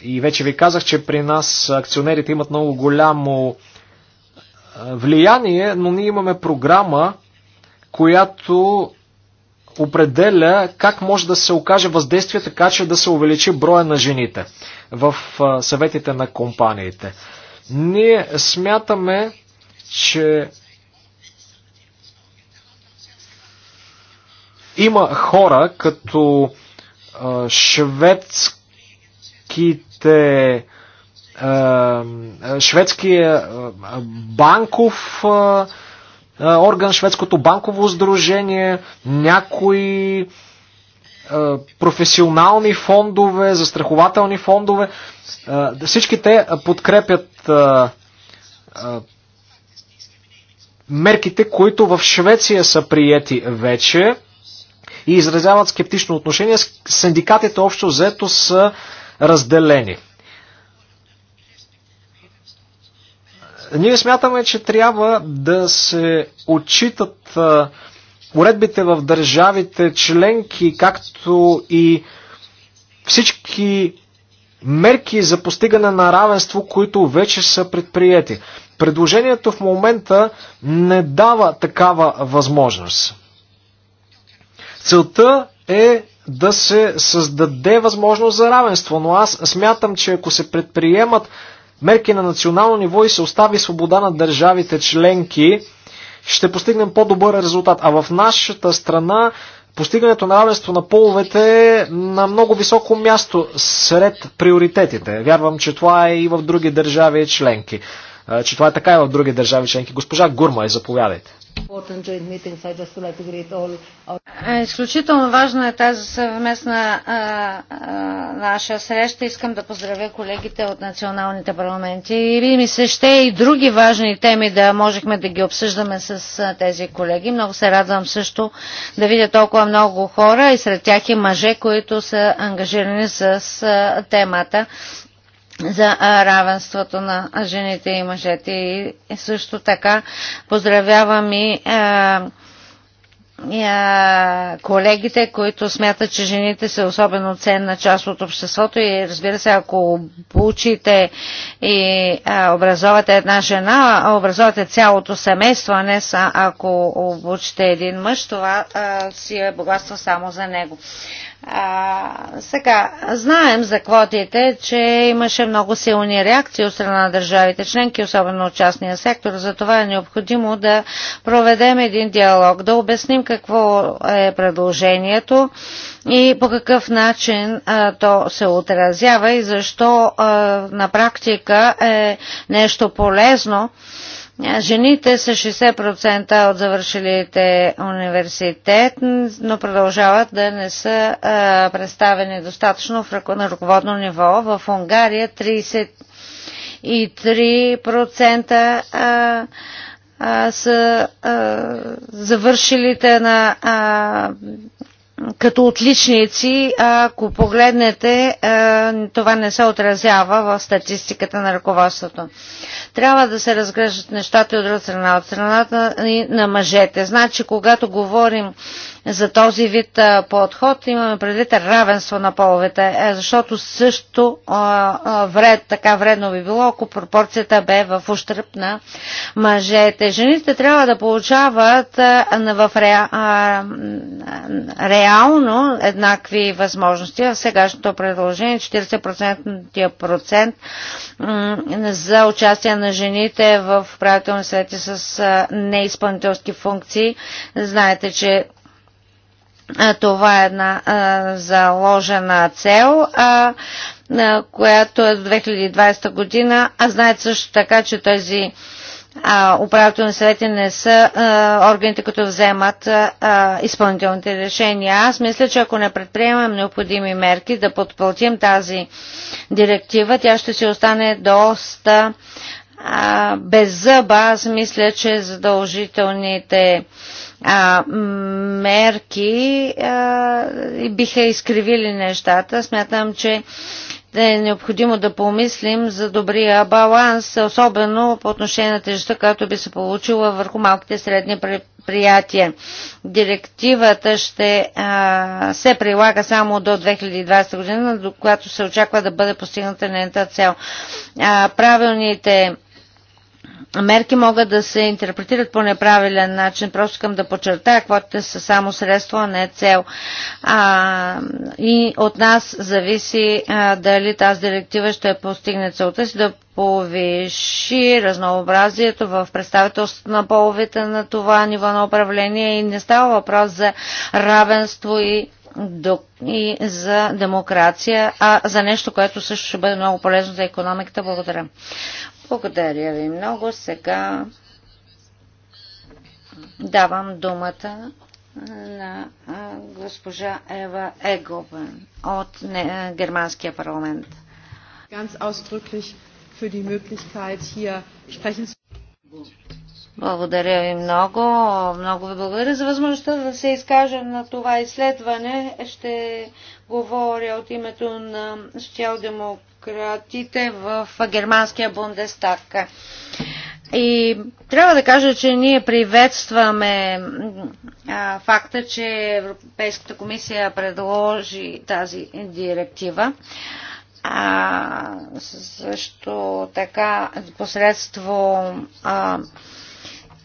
И вече ви казах, че при нас акционерите имат много голямо влияние, но ние имаме програма, която определя как може да се окаже въздействие така, че да се увеличи броя на жените в съветите на компаниите. Ние смятаме, че има хора като шведските шведския банков орган, шведското банково сдружение, някои професионални фондове, застрахователни фондове. Всички те подкрепят мерките, които в Швеция са приети вече и изразяват скептично отношение. Синдикатите общо взето са разделени Ние смятаме, че трябва да се отчитат уредбите в държавите членки, както и всички мерки за постигане на равенство, които вече са предприяти. Предложението в момента не дава такава възможност. Целта е да се създаде възможност за равенство, но аз смятам, че ако се предприемат мерки на национално ниво и се остави свобода на държавите членки, ще постигнем по-добър резултат. А в нашата страна постигането на равенство на половете е на много високо място сред приоритетите. Вярвам, че това е и в други държави членки. Че това е така и в други държави членки. Госпожа Гурма, е заповядайте. Изключително важна е тази съвместна а, а, наша среща. Искам да поздравя колегите от националните парламенти. И ви ми се ще и други важни теми да можехме да ги обсъждаме с тези колеги. Много се радвам също да видя толкова много хора и сред тях и мъже, които са ангажирани с темата за равенството на жените и мъжете. И също така поздравявам и колегите, които смятат, че жените са особено ценна част от обществото и разбира се, ако обучите и образовате една жена, образовате цялото семейство, а не са, ако обучите един мъж, това а, си е богатство само за него. А, сега, знаем за квотите, че имаше много силни реакции от страна на държавите членки, особено от частния сектор. Затова е необходимо да проведем един диалог, да обясним какво е предложението и по какъв начин а, то се отразява и защо а, на практика е нещо полезно. А, Жените са 60% от завършилите университет, но продължават да не са а, представени достатъчно на ръководно ниво. В Унгария 33% а, а, са завършилите на като отличници, ако погледнете, е, това не се отразява в статистиката на ръководството. Трябва да се разглеждат нещата от друга страна, от страната на мъжете. Значи, когато говорим за този вид подход. Имаме предвид равенство на половете, е, защото също вред, така вредно би било, ако пропорцията бе в ущърп на мъжете. Жените трябва да получават в реално еднакви възможности. В сегашното предложение 40% процент за участие на жените в правителни съвети с неизпълнителски функции. Знаете, че това е една а, заложена цел, а, а, която е до 2020 година. А знаете също така, че тези а, управителни съвети не са а, органите, които вземат а, изпълнителните решения. Аз мисля, че ако не предприемем необходими мерки да подплатим тази директива, тя ще си остане доста а, беззъба. Аз мисля, че задължителните а, мерки а, биха изкривили нещата. Смятам, че е необходимо да помислим за добрия баланс, особено по отношение на тежестта, която би се получила върху малките и средни предприятия. Директивата ще а, се прилага само до 2020 година, до която се очаква да бъде постигната нейната цел. А, правилните мерки могат да се интерпретират по неправилен начин. Просто искам да подчертая, квотите са само средство, а не цел. А, и от нас зависи а, дали тази директива ще постигне целта си да повиши разнообразието в представителството на половите на това ниво на управление и не става въпрос за равенство и и за демокрация, а за нещо, което също ще бъде много полезно за економиката. Благодаря. Благодаря ви много. Сега давам думата на госпожа Ева Егобен от Германския парламент. Благодаря ви много. Много ви благодаря за възможността да се изкажа на това изследване. Ще говоря от името на социал-демократ демократите в германския Бундестаг. И трябва да кажа, че ние приветстваме а, факта, че Европейската комисия предложи тази директива. А, също така посредством а,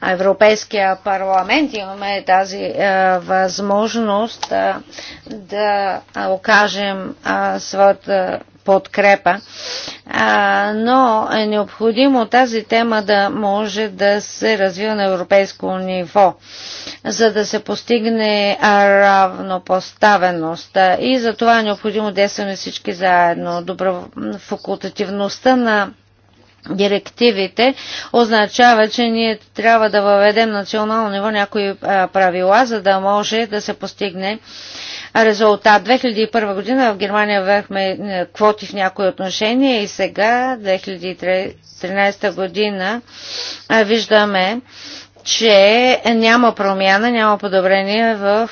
Европейския парламент имаме тази а, възможност а, да окажем е, своята подкрепа, а, но е необходимо тази тема да може да се развива на европейско ниво, за да се постигне равнопоставеност. И за това е необходимо действаме всички заедно. Добро, факултативността на директивите означава, че ние трябва да въведем национално ниво някои правила, за да може да се постигне резултат. 2001 година в Германия върхме е, квоти в някои отношения и сега, 2013 година, виждаме, че няма промяна, няма подобрение в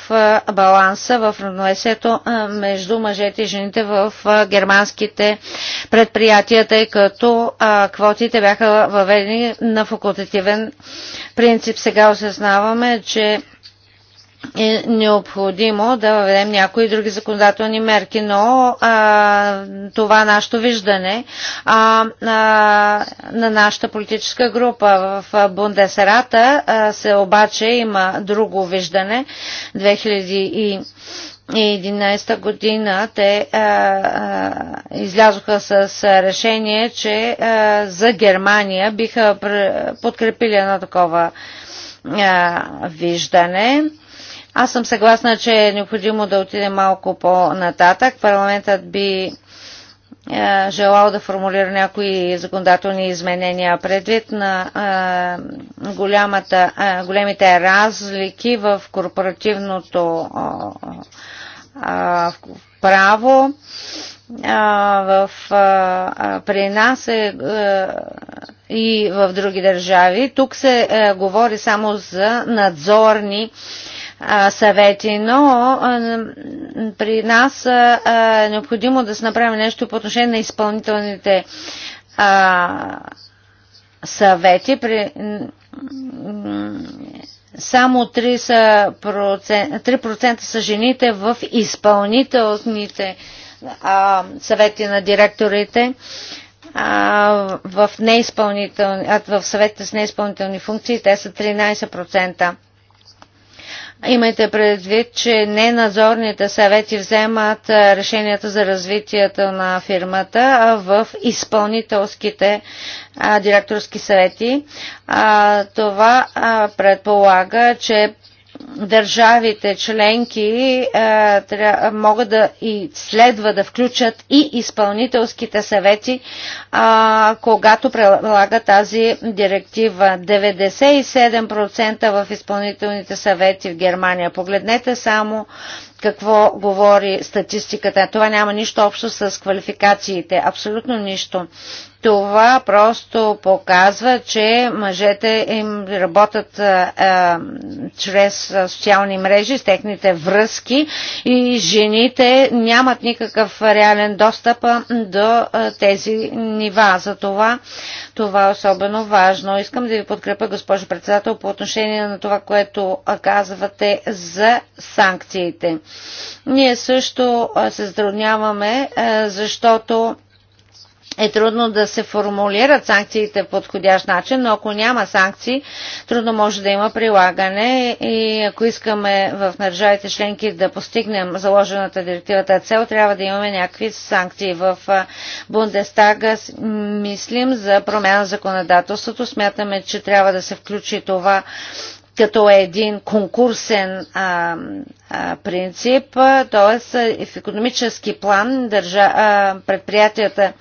баланса, в равновесието между мъжете и жените в германските предприятия, тъй като квотите бяха въведени на факултативен принцип. Сега осъзнаваме, че е необходимо да въведем някои други законодателни мерки, но а, това нашето виждане а, а, на нашата политическа група в Бундесерата а, се обаче има друго виждане. 2011 година те а, а, излязоха с решение, че а, за Германия биха подкрепили едно такова а, виждане. А, аз съм съгласна, че е необходимо да отиде малко по-нататък. Парламентът би е, желал да формулира някои законодателни изменения предвид на е, голямата, е, големите разлики в корпоративното право. Е, в, е, е, при нас е, и в други държави. Тук се говори само за надзорни съвети, но при нас е необходимо да се направим нещо по отношение на изпълнителните съвети. При, само 3%, са процент, 3 са жените в изпълнителните а, съвети на директорите а, в, неизпълнител... в съветите с неизпълнителни функции те са 13%. Имайте предвид, че неназорните съвети вземат решенията за развитието на фирмата а в изпълнителските директорски съвети. А, това предполага, че държавите членки е, тря, могат да и следва да включат и изпълнителските съвети, е, когато прилага тази директива. 97% в изпълнителните съвети в Германия. Погледнете само какво говори статистиката. Това няма нищо общо с квалификациите. Абсолютно нищо. Това просто показва, че мъжете им работят а, чрез социални мрежи, с техните връзки и жените нямат никакъв реален достъп до а, тези нива. За това това е особено важно. Искам да ви подкрепя, госпожо председател, по отношение на това, което казвате за санкциите. Ние също се затрудняваме, защото е трудно да се формулират санкциите по подходящ начин, но ако няма санкции, трудно може да има прилагане и ако искаме в държавите членки да постигнем заложената директивата цел, трябва да имаме някакви санкции. В Бундестага мислим за промяна на законодателството. Смятаме, че трябва да се включи това като е един конкурсен а, а, принцип, т.е. в економически план държа, а, предприятията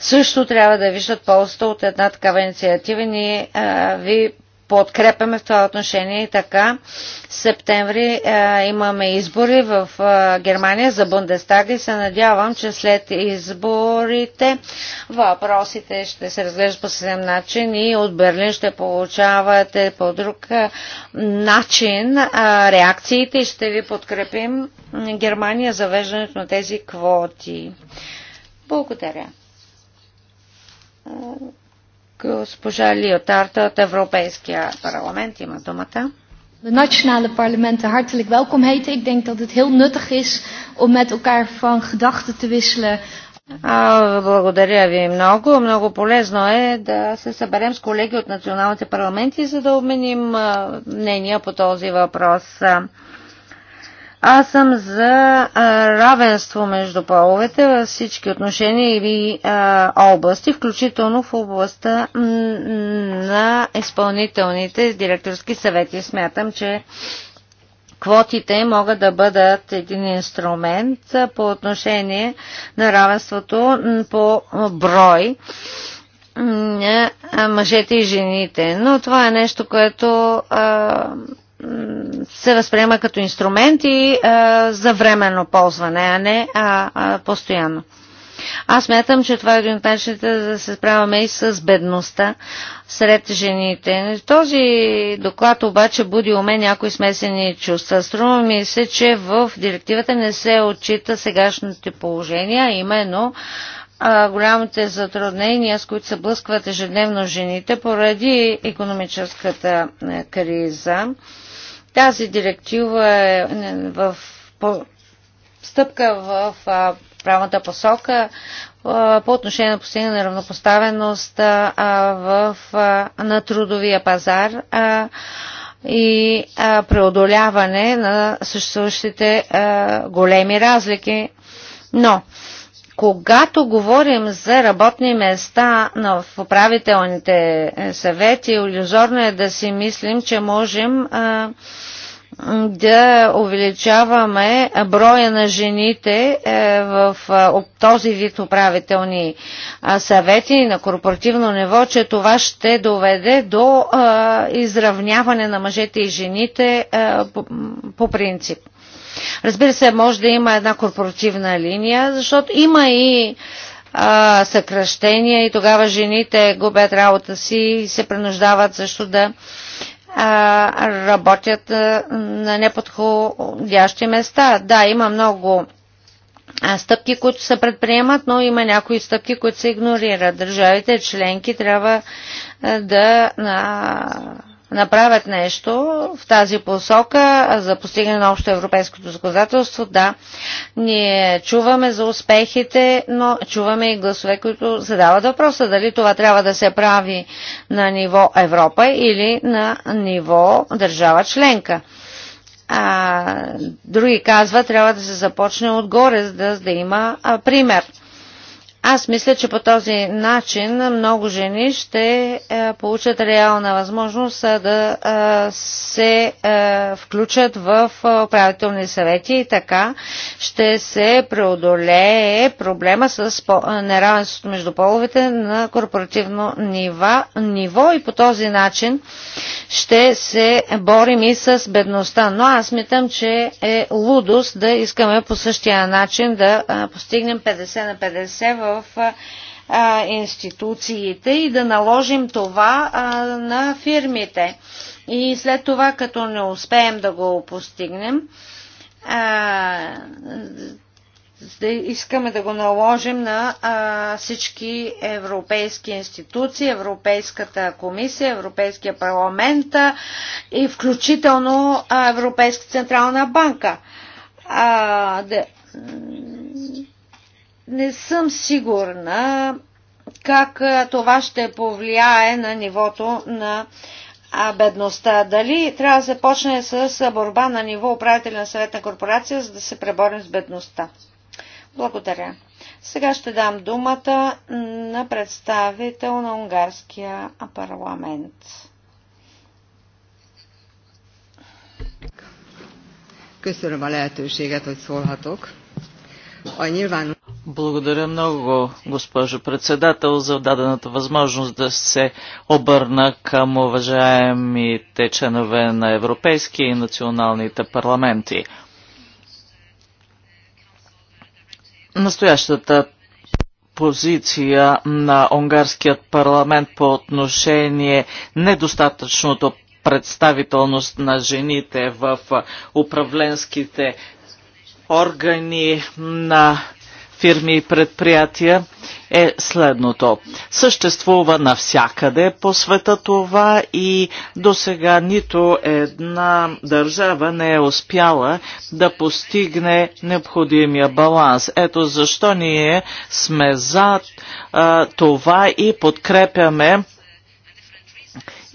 също трябва да виждат ползата от една такава инициатива. Ние ви подкрепяме в това отношение и така. Септември а, имаме избори в а, Германия за Бундестаг и се надявам, че след изборите въпросите ще се разглеждат по съвсем начин и от Берлин ще получавате по друг начин а, реакциите и ще ви подкрепим Германия за веждането на тези квоти. Благодаря. Госпожа Лиотарта от Европейския парламент има думата. De nationale parlementen hartelijk welkom heten. Ik denk dat het heel nuttig is om met elkaar van gedachten te wisselen. Благодаря ви много. Много полезно е да се съберем с колеги от националните парламенти, за да обменим мнения по този въпрос. Аз съм за равенство между половете във всички отношения или области, включително в областта на изпълнителните директорски съвети. Смятам, че квотите могат да бъдат един инструмент по отношение на равенството по брой мъжете и жените. Но това е нещо, което а, се възприема като и а, е, за временно ползване, а не а, а, постоянно. Аз мятам, че това е един от начините да се справяме и с бедността сред жените. Този доклад обаче буди у мен някои смесени чувства. Струва ми се, че в директивата не се отчита сегашните положения, именно а, голямите затруднения, с които се блъскват ежедневно жените поради економическата е, криза. Тази директива е, е в стъпка в правната посока по отношение на постигане на равнопоставеност в, на трудовия пазар и преодоляване на съществуващите големи разлики. Но когато говорим за работни места в управителните е, съвети, иллюзорно е да си мислим, че можем а, да увеличаваме броя на жените е, в този вид управителни съвети на корпоративно ниво, че това ще доведе до изравняване на мъжете и жените е, по принцип. Разбира се, може да има една корпоративна линия, защото има и а, съкръщения и тогава жените губят работа си и се принуждават също да а, работят а, на неподходящи места. Да, има много стъпки, които се предприемат, но има някои стъпки, които се игнорират. Държавите членки трябва да направят нещо в тази посока за постигане на общо европейското законодателство. Да, ние чуваме за успехите, но чуваме и гласове, които задават въпроса дали това трябва да се прави на ниво Европа или на ниво държава членка. А, други казват, трябва да се започне отгоре, за да, да има а, пример. Аз мисля, че по този начин много жени ще е, получат реална възможност е, да е, се включат в управителни съвети и така ще се преодолее проблема с неравенството между половете на корпоративно ниво и по този начин ще се борим и с бедността. Но аз смятам, че е лудост да искаме по същия начин да постигнем 50 на 50 в институциите и да наложим това на фирмите. И след това, като не успеем да го постигнем, да искаме да го наложим на а, всички европейски институции, Европейската комисия, Европейския парламент и включително а, Европейска централна банка. А, да, не съм сигурна как а, това ще повлияе на нивото на а бедността. Дали трябва да започне с борба на ниво управителен съвет на корпорация, за да се преборим с бедността? Благодаря. Сега ще дам думата на представител на унгарския парламент. Благодаря много, госпожо председател, за дадената възможност да се обърна към уважаемите членове на европейски и националните парламенти. настоящата позиция на унгарският парламент по отношение недостатъчното представителност на жените в управленските органи на фирми и предприятия е следното. Съществува навсякъде по света това и до сега нито една държава не е успяла да постигне необходимия баланс. Ето защо ние сме за а, това и подкрепяме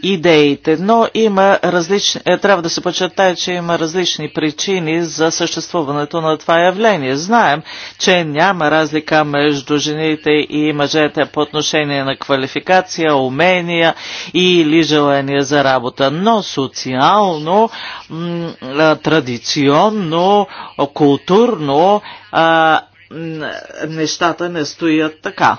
идеите, но има различни, е, трябва да се подчертая, че има различни причини за съществуването на това явление. Знаем, че няма разлика между жените и мъжете по отношение на квалификация, умения или желание за работа, но социално, традиционно, културно нещата не стоят така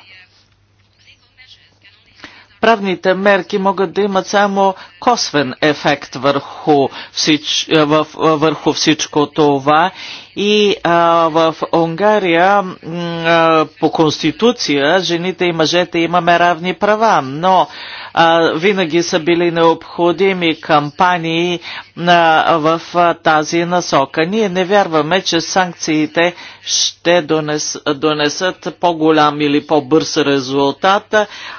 правните мерки могат да имат само косвен ефект върху, всич, върху всичко това и а, в Унгария а, по конституция жените и мъжете имаме равни права, но а, винаги са били необходими кампании а, в а, тази насока. Ние не вярваме, че санкциите ще донес, донесат по-голям или по-бърз резултат,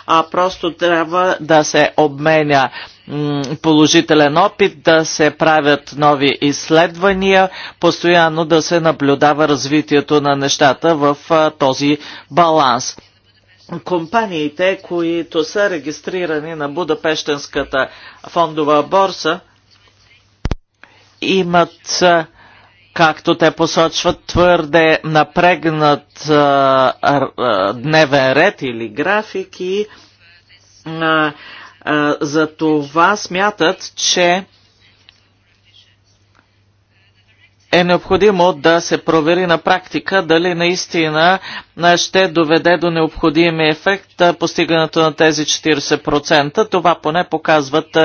а просто трябва да се обменя положителен опит да се правят нови изследвания, постоянно да се наблюдава развитието на нещата в този баланс. Компаниите, които са регистрирани на Будапештенската фондова борса, имат както те посочват, твърде напрегнат а, а, дневен ред или графики. А, за това смятат, че е необходимо да се провери на практика дали наистина ще доведе до необходимия ефект постигането на тези 40%. Това поне показват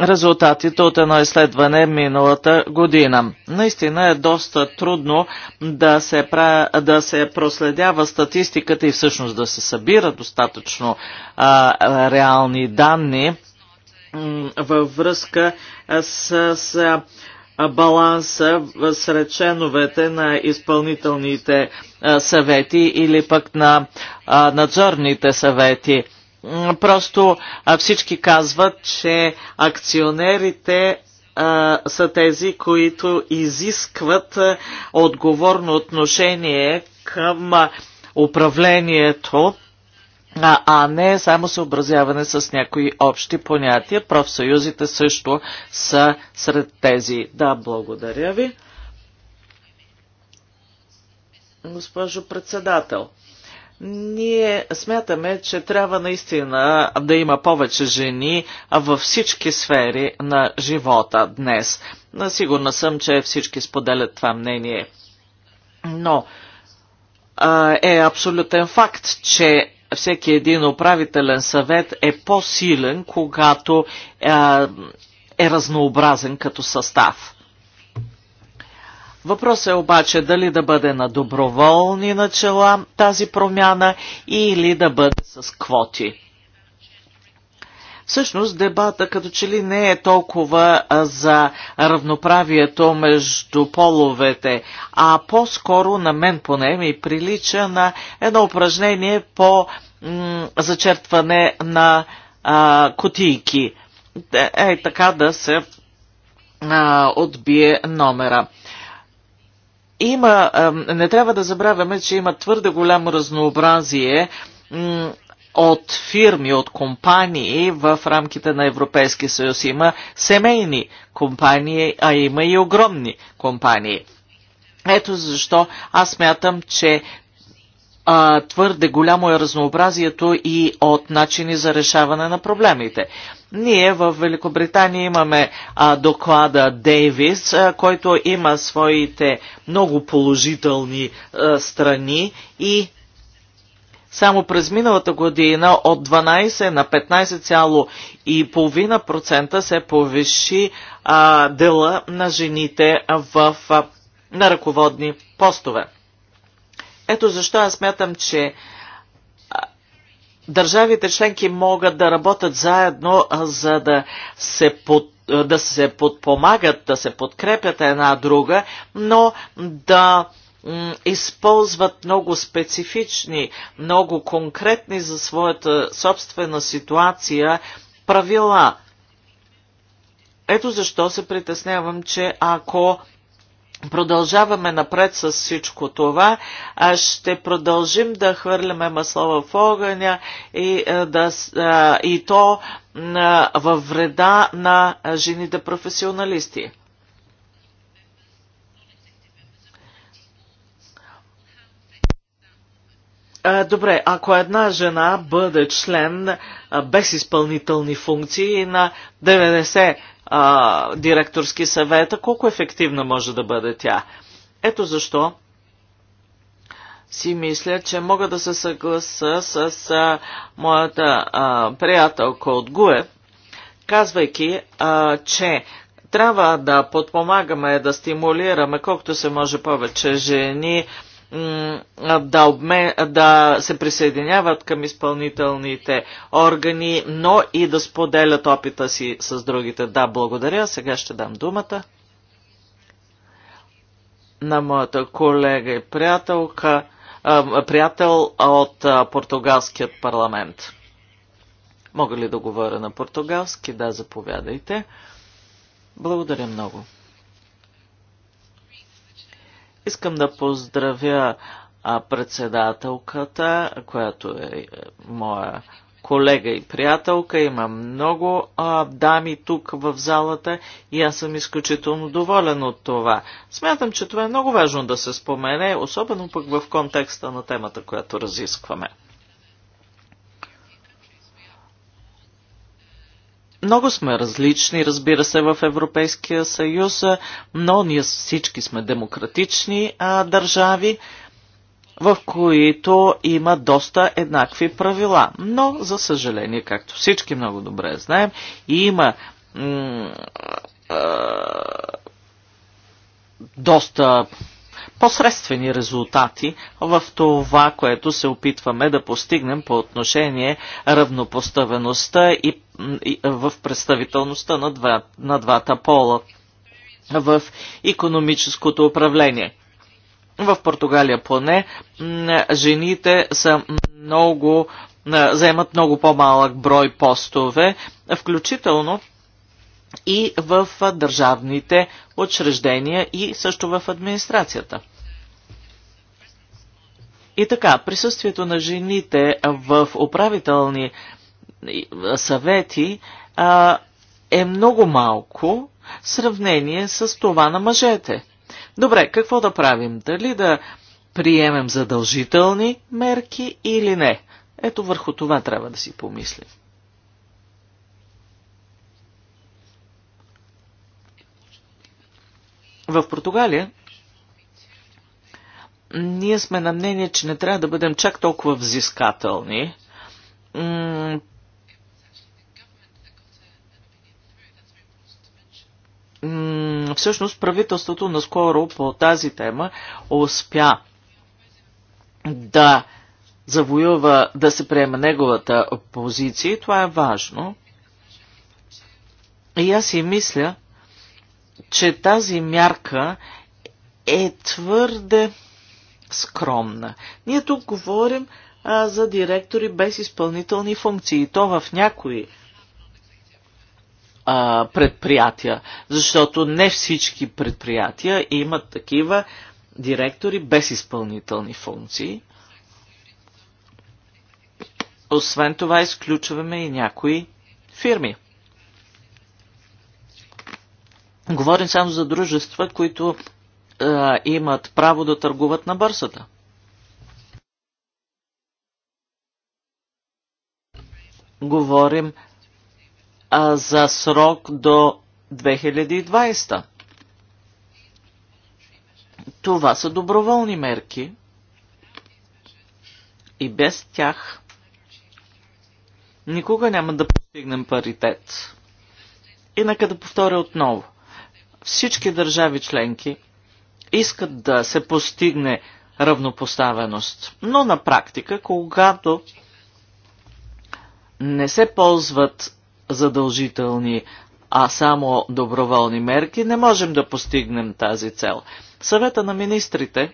резултатите от едно изследване миналата година. Наистина е доста трудно да се, пра, да се проследява статистиката и всъщност да се събира достатъчно а, реални данни във връзка с, с баланса сред членовете на изпълнителните съвети или пък на надзорните съвети. Просто всички казват, че акционерите са тези, които изискват отговорно отношение към управлението, а не само съобразяване с някои общи понятия. Профсъюзите също са сред тези. Да, благодаря ви. Госпожо председател, ние смятаме, че трябва наистина да има повече жени във всички сфери на живота днес. Сигурна съм, че всички споделят това мнение. Но а, е абсолютен факт, че всеки един управителен съвет е по-силен, когато а, е разнообразен като състав. Въпрос е обаче дали да бъде на доброволни начала тази промяна или да бъде с квоти. Всъщност дебата като че ли не е толкова за равноправието между половете, а по-скоро на мен поне ми прилича на едно упражнение по зачертване на а, кутийки. Е, е, така да се а, отбие номера. Има, не трябва да забравяме, че има твърде голямо разнообразие от фирми, от компании в рамките на Европейския съюз. Има семейни компании, а има и огромни компании. Ето защо аз мятам, че а, твърде голямо е разнообразието и от начини за решаване на проблемите. Ние в Великобритания имаме а, доклада Дейвис, а, който има своите много положителни а, страни и само през миналата година от 12 на 15,5% се повиши а, дела на жените в, а, на ръководни постове. Ето защо аз смятам, че държавите членки могат да работят заедно, за да се под да се подпомагат, да се подкрепят една друга, но да използват много специфични, много конкретни за своята собствена ситуация правила. Ето защо се притеснявам, че ако Продължаваме напред с всичко това. А ще продължим да хвърляме масло в огъня и, е, да, е, и то е, във вреда на жените професионалисти. Добре, ако една жена бъде член без изпълнителни функции на 90 директорски съвета, колко ефективна може да бъде тя? Ето защо си мисля, че мога да се съгласа с а, моята а, приятелка от ГУЕ, казвайки, а, че трябва да подпомагаме, да стимулираме колкото се може повече жени, а, да, обме, да се присъединяват към изпълнителните органи, но и да споделят опита си с другите. Да, благодаря. Сега ще дам думата на моята колега и приятелка, приятел от португалският парламент. Мога ли да говоря на португалски? Да, заповядайте. Благодаря много. Искам да поздравя председателката, която е, е моя колега и приятелка. Има много а, дами тук в залата и аз съм изключително доволен от това. Смятам, че това е много важно да се спомене, особено пък в контекста на темата, която разискваме. Много сме различни, разбира се, в Европейския съюз, но ние всички сме демократични а, държави, в които има доста еднакви правила. Но, за съжаление, както всички много добре знаем, има доста посредствени резултати в това, което се опитваме да постигнем по отношение равнопоставеността и, в представителността на, два, на двата пола в економическото управление. В Португалия поне жените са много, заемат много по-малък брой постове, включително и в държавните учреждения и също в администрацията. И така, присъствието на жените в управителни съвети а, е много малко в сравнение с това на мъжете. Добре, какво да правим? Дали да приемем задължителни мерки или не? Ето върху това трябва да си помислим. В Португалия ние сме на мнение, че не трябва да бъдем чак толкова взискателни. Всъщност правителството наскоро по тази тема успя да завоюва, да се приема неговата позиция и това е важно. И аз си мисля, че тази мярка е твърде скромна. Ние тук говорим а, за директори без изпълнителни функции. И То в някои а, предприятия, защото не всички предприятия имат такива директори без изпълнителни функции. Освен това, изключваме и някои фирми. Говорим само за дружества, които а, е, имат право да търгуват на бърсата. Говорим а, за срок до 2020. Това са доброволни мерки и без тях никога няма да постигнем паритет. И нека да повторя отново всички държави членки искат да се постигне равнопоставеност. Но на практика, когато не се ползват задължителни, а само доброволни мерки, не можем да постигнем тази цел. Съвета на министрите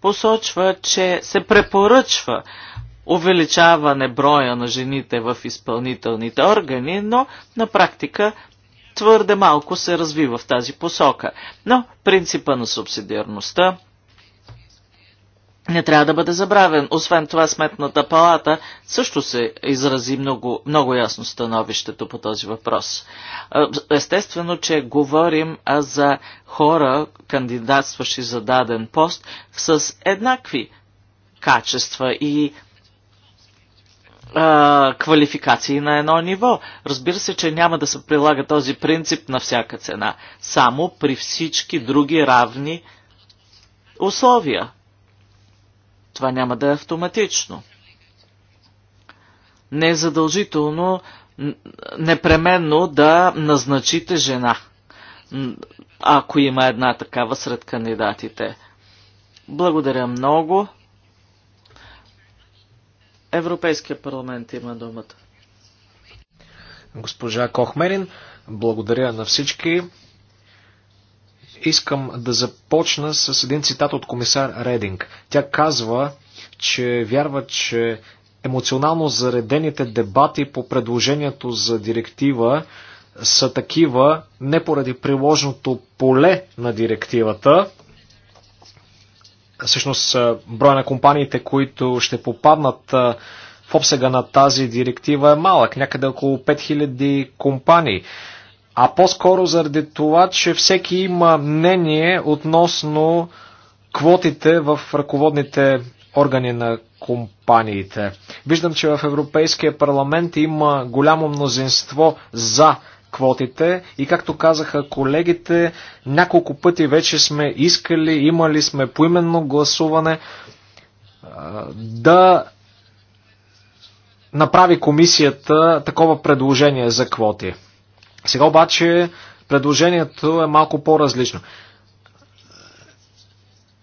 посочва, че се препоръчва увеличаване броя на жените в изпълнителните органи, но на практика твърде малко се развива в тази посока. Но принципа на субсидиарността не трябва да бъде забравен. Освен това, Сметната палата също се изрази много, много ясно становището по този въпрос. Естествено, че говорим за хора, кандидатстващи за даден пост, с еднакви качества и а, квалификации на едно ниво. Разбира се, че няма да се прилага този принцип на всяка цена, само при всички други равни условия. Това няма да е автоматично. Не е задължително непременно да назначите жена, ако има една такава сред кандидатите. Благодаря много. Европейския парламент има думата. Госпожа Кохмерин, благодаря на всички. Искам да започна с един цитат от комисар Рединг. Тя казва, че вярва, че емоционално заредените дебати по предложението за директива са такива не поради приложното поле на директивата, всъщност броя на компаниите, които ще попаднат в обсега на тази директива е малък, някъде около 5000 компании. А по-скоро заради това, че всеки има мнение относно квотите в ръководните органи на компаниите. Виждам, че в Европейския парламент има голямо мнозинство за квотите и както казаха колегите, няколко пъти вече сме искали, имали сме поименно гласуване да направи комисията такова предложение за квоти. Сега обаче предложението е малко по-различно.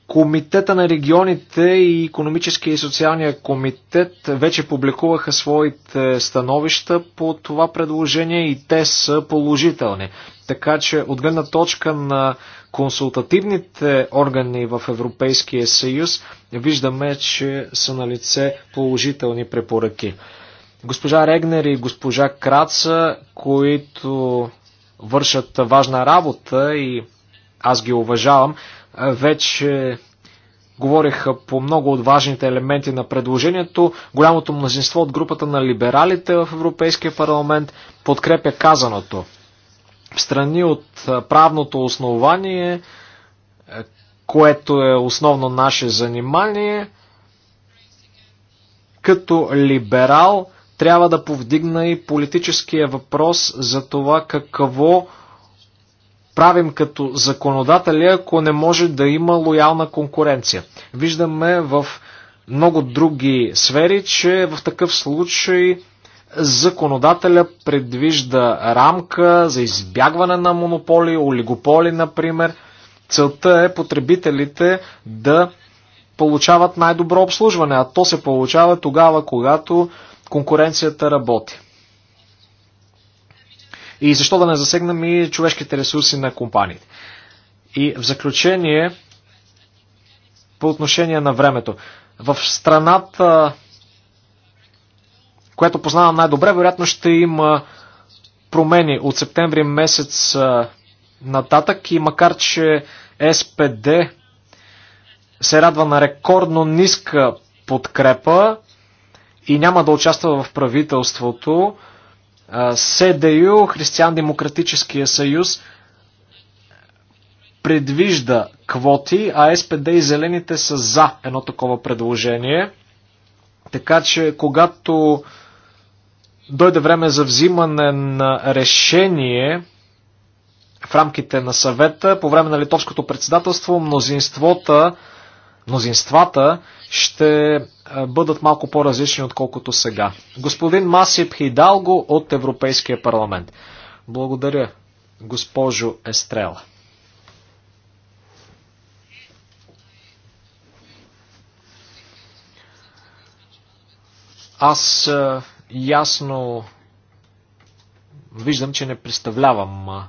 Комитета на регионите и економическия и социалния комитет вече публикуваха своите становища по това предложение и те са положителни. Така че от гледна точка на консултативните органи в Европейския съюз виждаме, че са на лице положителни препоръки. Госпожа Регнер и госпожа Краца, които вършат важна работа и аз ги уважавам, вече говориха по много от важните елементи на предложението. Голямото мнозинство от групата на либералите в Европейския парламент подкрепя казаното. В страни от правното основание, което е основно наше занимание, като либерал трябва да повдигна и политическия въпрос за това какво правим като законодатели, ако не може да има лоялна конкуренция. Виждаме в много други сфери, че в такъв случай законодателя предвижда рамка за избягване на монополи, олигополи, например. Целта е потребителите да получават най-добро обслужване, а то се получава тогава, когато конкуренцията работи. И защо да не засегнем и човешките ресурси на компаниите. И в заключение, по отношение на времето. В страната, която познавам най-добре, вероятно ще има промени от септември месец нататък и макар, че СПД се радва на рекордно ниска подкрепа и няма да участва в правителството, СДЮ, Християн-демократическия съюз, предвижда квоти, а СПД и Зелените са за едно такова предложение. Така че, когато дойде време за взимане на решение в рамките на съвета, по време на литовското председателство, мнозинствота мнозинствата ще бъдат малко по-различни, отколкото сега. Господин Масип Хидалго от Европейския парламент. Благодаря, госпожо Естрела. Аз ясно виждам, че не представлявам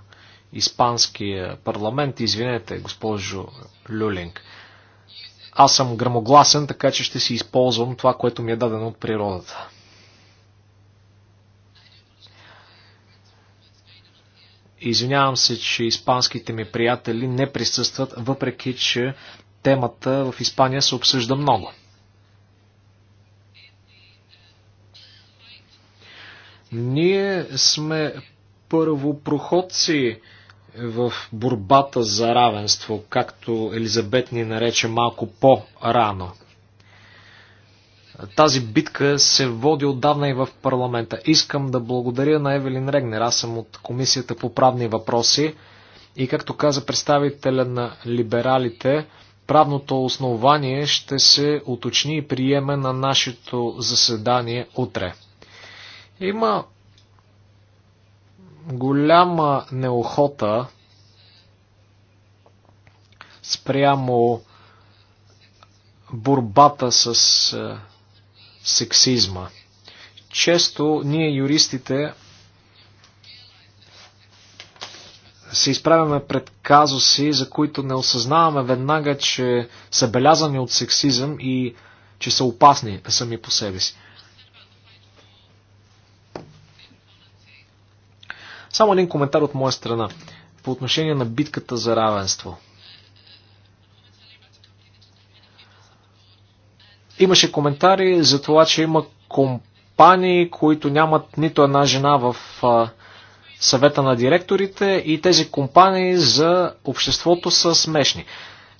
испанския парламент. Извинете, госпожо Люлинг. Аз съм грамогласен, така че ще си използвам това, което ми е дадено от природата. Извинявам се, че испанските ми приятели не присъстват, въпреки че темата в Испания се обсъжда много. Ние сме първопроходци в борбата за равенство, както Елизабет ни нарече малко по-рано. Тази битка се води отдавна и в парламента. Искам да благодаря на Евелин Регнер. Аз съм от Комисията по правни въпроси и както каза представителя на либералите, правното основание ще се уточни и приеме на нашето заседание утре. Има голяма неохота спрямо борбата с е, сексизма. Често ние юристите се изправяме пред казуси, за които не осъзнаваме веднага, че са белязани от сексизъм и че са опасни сами по себе си. Само един коментар от моя страна по отношение на битката за равенство. Имаше коментари за това, че има компании, които нямат нито една жена в съвета на директорите и тези компании за обществото са смешни.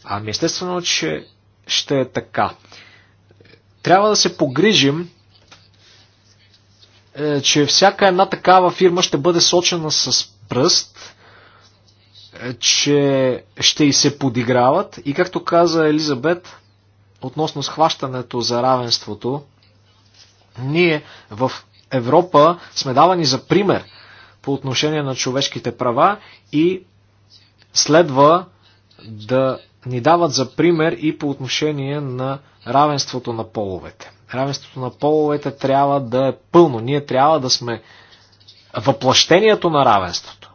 Ами естествено, че ще е така. Трябва да се погрижим е, че всяка една такава фирма ще бъде сочена с пръст, е, че ще и се подиграват. И както каза Елизабет, относно схващането за равенството, ние в Европа сме давани за пример по отношение на човешките права и следва да ни дават за пример и по отношение на равенството на половете равенството на половете трябва да е пълно. Ние трябва да сме въплъщението на равенството.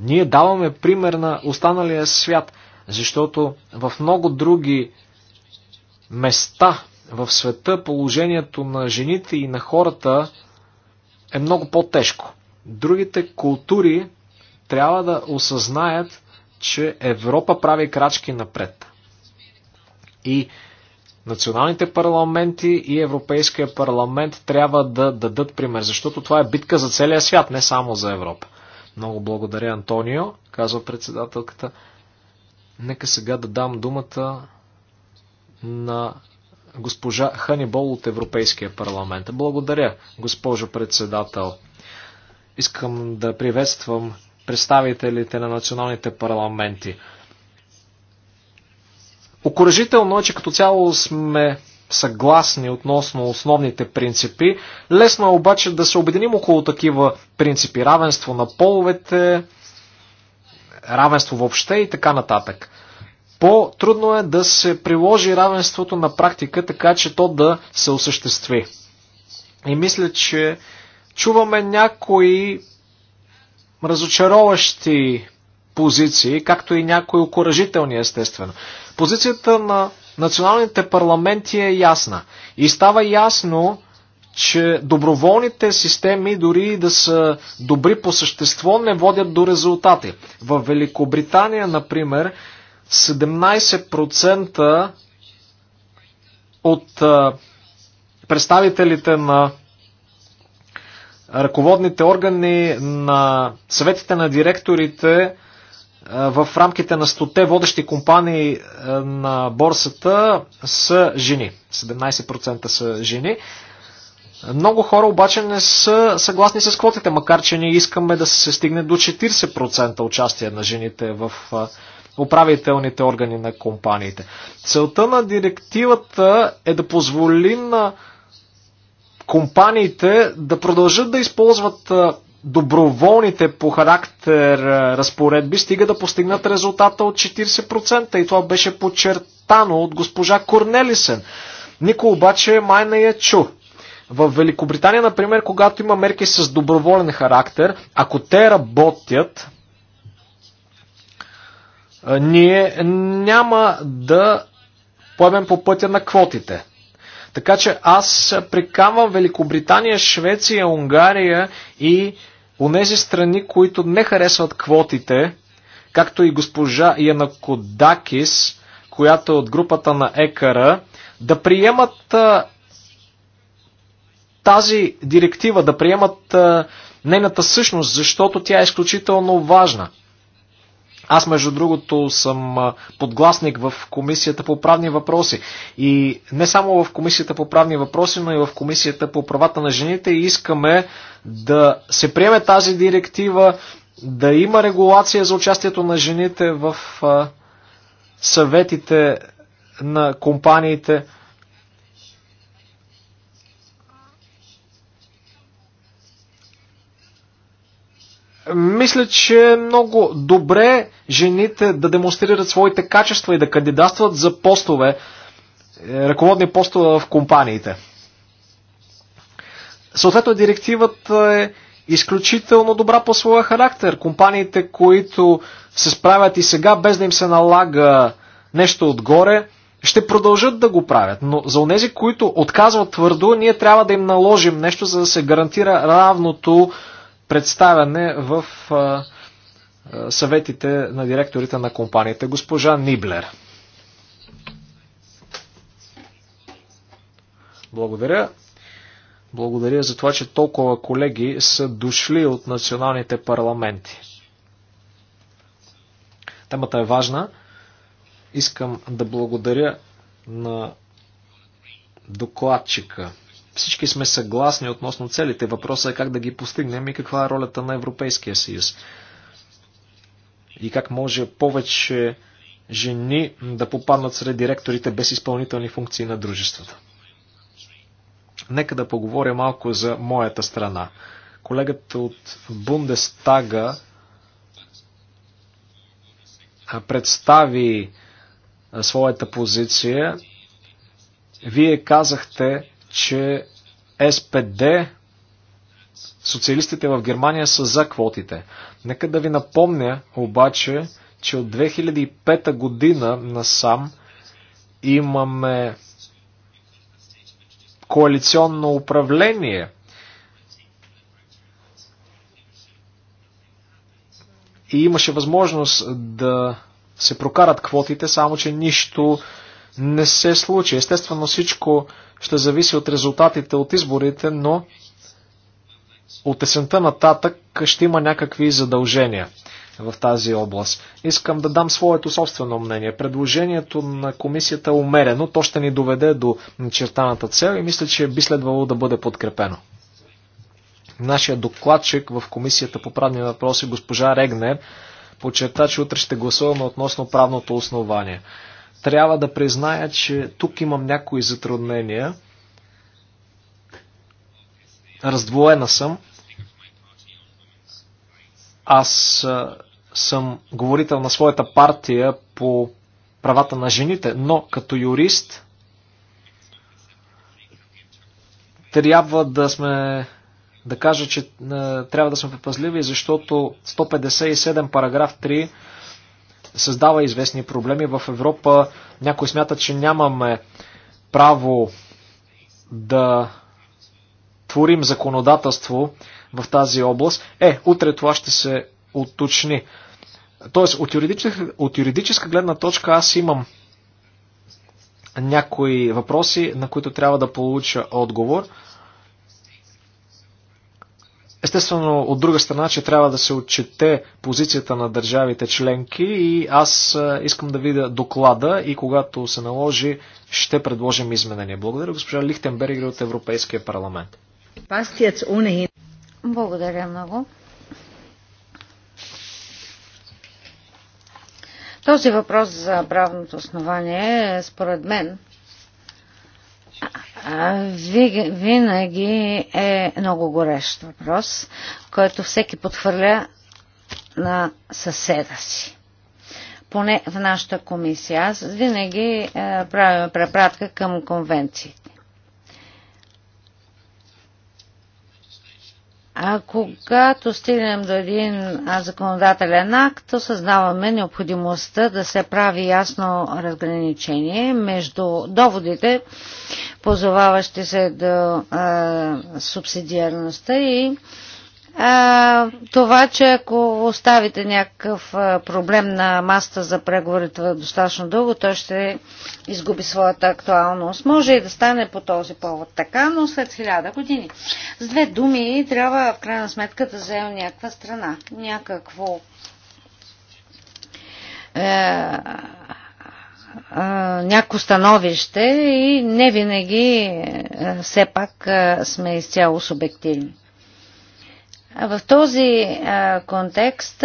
Ние даваме пример на останалия свят, защото в много други места в света положението на жените и на хората е много по-тежко. Другите култури трябва да осъзнаят, че Европа прави крачки напред. И Националните парламенти и Европейския парламент трябва да дадат пример, защото това е битка за целия свят, не само за Европа. Много благодаря, Антонио, казва председателката. Нека сега да дам думата на госпожа Ханибол от Европейския парламент. Благодаря, госпожо председател. Искам да приветствам представителите на националните парламенти. Окоръжително е, че като цяло сме съгласни относно основните принципи. Лесно е обаче да се обединим около такива принципи. Равенство на половете, равенство въобще и така нататък. По-трудно е да се приложи равенството на практика, така че то да се осъществи. И мисля, че чуваме някои разочароващи позиции, както и някои окоръжителни, естествено. Позицията на националните парламенти е ясна. И става ясно, че доброволните системи, дори да са добри по същество, не водят до резултати. В Великобритания, например, 17% от представителите на ръководните органи на съветите на директорите в рамките на 100 водещи компании е, на борсата са жени. 17% са жени. Много хора обаче не са съгласни с квотите, макар че ние искаме да се стигне до 40% участие на жените в управителните органи на компаниите. Целта на директивата е да позволи на компаниите да продължат да използват доброволните по характер разпоредби стига да постигнат резултата от 40% и това беше подчертано от госпожа Корнелисен. Никой обаче май не я чу. В Великобритания, например, когато има мерки с доброволен характер, ако те работят, ние няма да поемем по пътя на квотите. Така че аз приканвам Великобритания, Швеция, Унгария и унези страни, които не харесват квотите, както и госпожа Янакодакис, която е от групата на Екара, да приемат а, тази директива, да приемат а, нейната същност, защото тя е изключително важна. Аз, между другото, съм подгласник в Комисията по правни въпроси. И не само в Комисията по правни въпроси, но и в Комисията по правата на жените. И искаме да се приеме тази директива, да има регулация за участието на жените в съветите на компаниите. Мисля, че е много добре жените да демонстрират своите качества и да кандидатстват за постове, е, ръководни постове в компаниите. Съответно, директивата е изключително добра по своя характер. Компаниите, които се справят и сега, без да им се налага нещо отгоре, ще продължат да го правят. Но за онези, които отказват твърдо, ние трябва да им наложим нещо, за да се гарантира равното представяне в съветите на директорите на компанията. Госпожа Ниблер. Благодаря. Благодаря за това, че толкова колеги са дошли от националните парламенти. Темата е важна. Искам да благодаря на докладчика всички сме съгласни относно целите. Въпросът е как да ги постигнем и каква е ролята на Европейския съюз. И как може повече жени да попаднат сред директорите без изпълнителни функции на дружествата. Нека да поговоря малко за моята страна. Колегата от Бундестага представи своята позиция. Вие казахте, че СПД, социалистите в Германия са за квотите. Нека да ви напомня обаче, че от 2005 година насам имаме коалиционно управление. И имаше възможност да се прокарат квотите, само че нищо не се случи. Естествено всичко ще зависи от резултатите от изборите, но от есента нататък ще има някакви задължения в тази област. Искам да дам своето собствено мнение. Предложението на комисията е умерено, то ще ни доведе до начертаната цел и мисля, че би следвало да бъде подкрепено. Нашия докладчик в комисията по правни въпроси, госпожа Регнер, подчерта, че утре ще гласуваме относно правното основание. Трябва да призная, че тук имам някои затруднения. Раздвоена съм. Аз съм говорител на своята партия по правата на жените, но като юрист трябва да сме да кажа, че трябва да сме попазливи, защото 157 параграф 3 създава известни проблеми. В Европа някой смята, че нямаме право да творим законодателство в тази област. Е, утре това ще се уточни. Тоест, от юридическа, от юридическа гледна точка аз имам някои въпроси, на които трябва да получа отговор. Естествено, от друга страна, че трябва да се отчете позицията на държавите членки и аз искам да видя доклада и когато се наложи, ще предложим изменения. Благодаря, госпожа Лихтенбергер от Европейския парламент. Благодаря много. Този въпрос за правното основание, е, според мен, винаги е много горещ въпрос, който всеки подхвърля на съседа си. Поне в нашата комисия. Аз винаги е, правим препратка към конвенции. А когато стигнем до един законодателен акт, осъзнаваме необходимостта да се прави ясно разграничение между доводите, позоваващи се до субсидиарността и а, това, че ако оставите някакъв проблем на маста за преговорите достатъчно дълго, той ще изгуби своята актуалност. Може и да стане по този повод така, но след хиляда години. С две думи трябва в крайна сметка да вземем някаква страна, някакво е, някакво становище и не винаги е, все пак е, сме изцяло субективни. В този контекст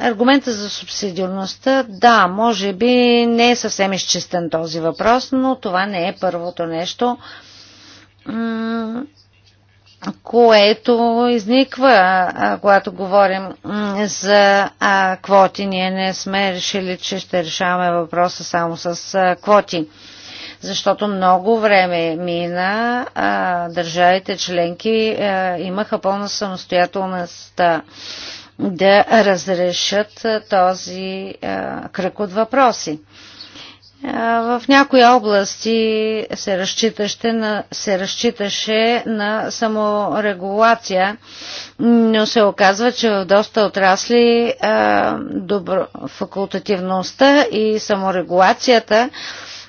аргумента за субсидиарността, да, може би не е съвсем изчистен този въпрос, но това не е първото нещо, което изниква, когато говорим за квоти. Ние не сме решили, че ще решаваме въпроса само с квоти защото много време мина, а, държавите членки а, имаха пълна самостоятелност да разрешат този а, кръг от въпроси. В някои области се разчиташе, на, се разчиташе на саморегулация, но се оказва, че в доста отрасли добро, факултативността и саморегулацията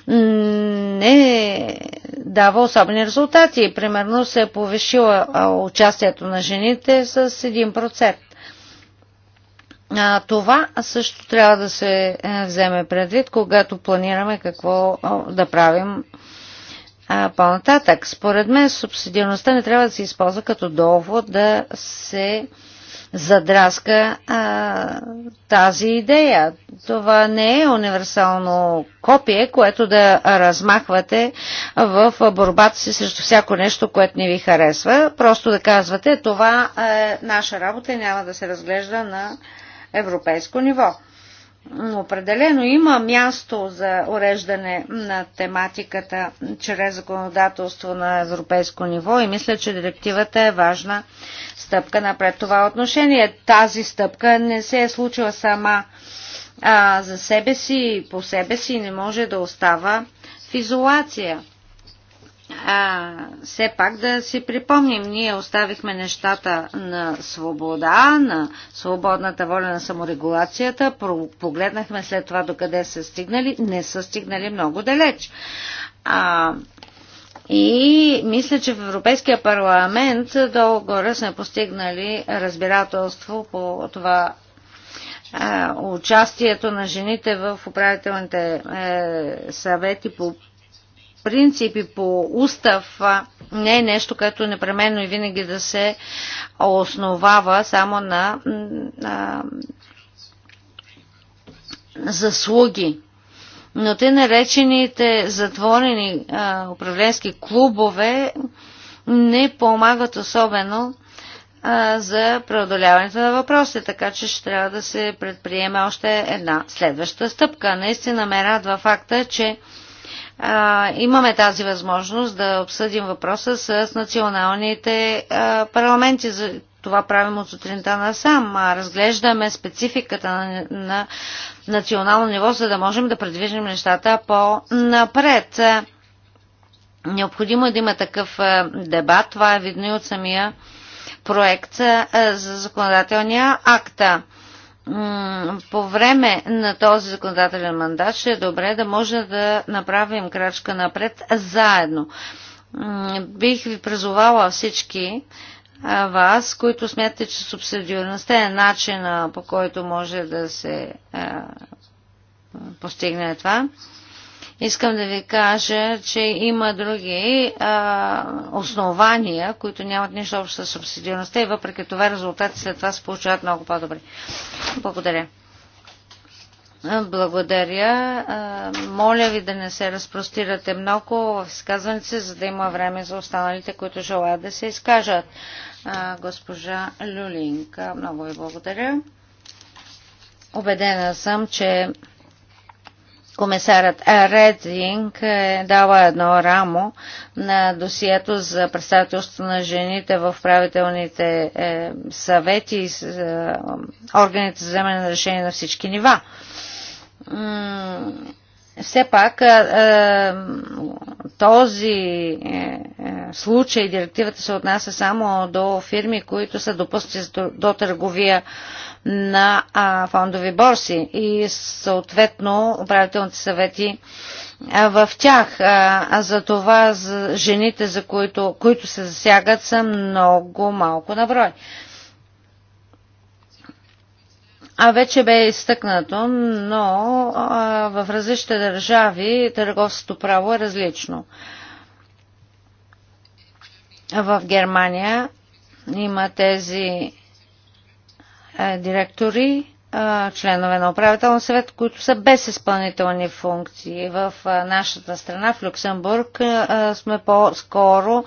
не дава особени резултати. Примерно се е повишила участието на жените с 1%. А, това също трябва да се е, вземе предвид, когато планираме какво да правим по-нататък. Според мен субсидиарността не трябва да се използва като довод да се а, задраска а, тази идея. Това не е универсално копие, което да размахвате в борбата си срещу всяко нещо, което не ви харесва. Просто да казвате, това е наша работа и няма да се разглежда на европейско ниво. Определено има място за уреждане на тематиката чрез законодателство на европейско ниво и мисля, че директивата е важна стъпка напред това отношение. Тази стъпка не се е случила сама а, за себе си и по себе си не може да остава в изолация а, все пак да си припомним, ние оставихме нещата на свобода, на свободната воля на саморегулацията, погледнахме след това докъде са стигнали, не са стигнали много далеч. А, и мисля, че в Европейския парламент долу-горе сме постигнали разбирателство по това а, участието на жените в управителните е, съвети по принципи по устав не е нещо, което непременно и винаги да се основава само на а, заслуги. Но те наречените затворени а, управленски клубове не помагат особено а, за преодоляването на въпросите, така че ще трябва да се предприеме още една следваща стъпка. Наистина ме радва факта, че а, имаме тази възможност да обсъдим въпроса с националните парламенти. За това правим от сутринта насам. А разглеждаме спецификата на, на национално ниво, за да можем да предвижим нещата по-напред. Необходимо е да има такъв дебат. Това е видно и от самия проект за законодателния акта по време на този законодателен мандат ще е добре да може да направим крачка напред заедно. Бих ви призовала всички вас, които смятате, че субсидиорността е начина по който може да се постигне това. Искам да ви кажа, че има други а, основания, които нямат нищо общо с субсидиарността и въпреки това резултати след това се получават много по-добри. Благодаря. Благодаря. А, моля ви да не се разпростирате много в изказването за да има време за останалите, които желаят да се изкажат. А, госпожа Люлинка, много ви благодаря. Обедена съм, че Комисарът Редзинг е дала едно рамо на досието за представителство на жените в правителните е, съвети и е, органите за вземане на решение на всички нива. Все пак е, този случай, директивата се отнася само до фирми, които са допуснати до търговия на а, фондови борси и съответно управителните съвети а, в тях. А, а за това за жените, за които, които се засягат, са много малко на брой. А вече бе изтъкнато, но а, в различните държави търговското право е различно. В Германия има тези е, директори, е, членове на управителен съвет, които са без изпълнителни функции. В е, нашата страна, в Люксембург, сме по-скоро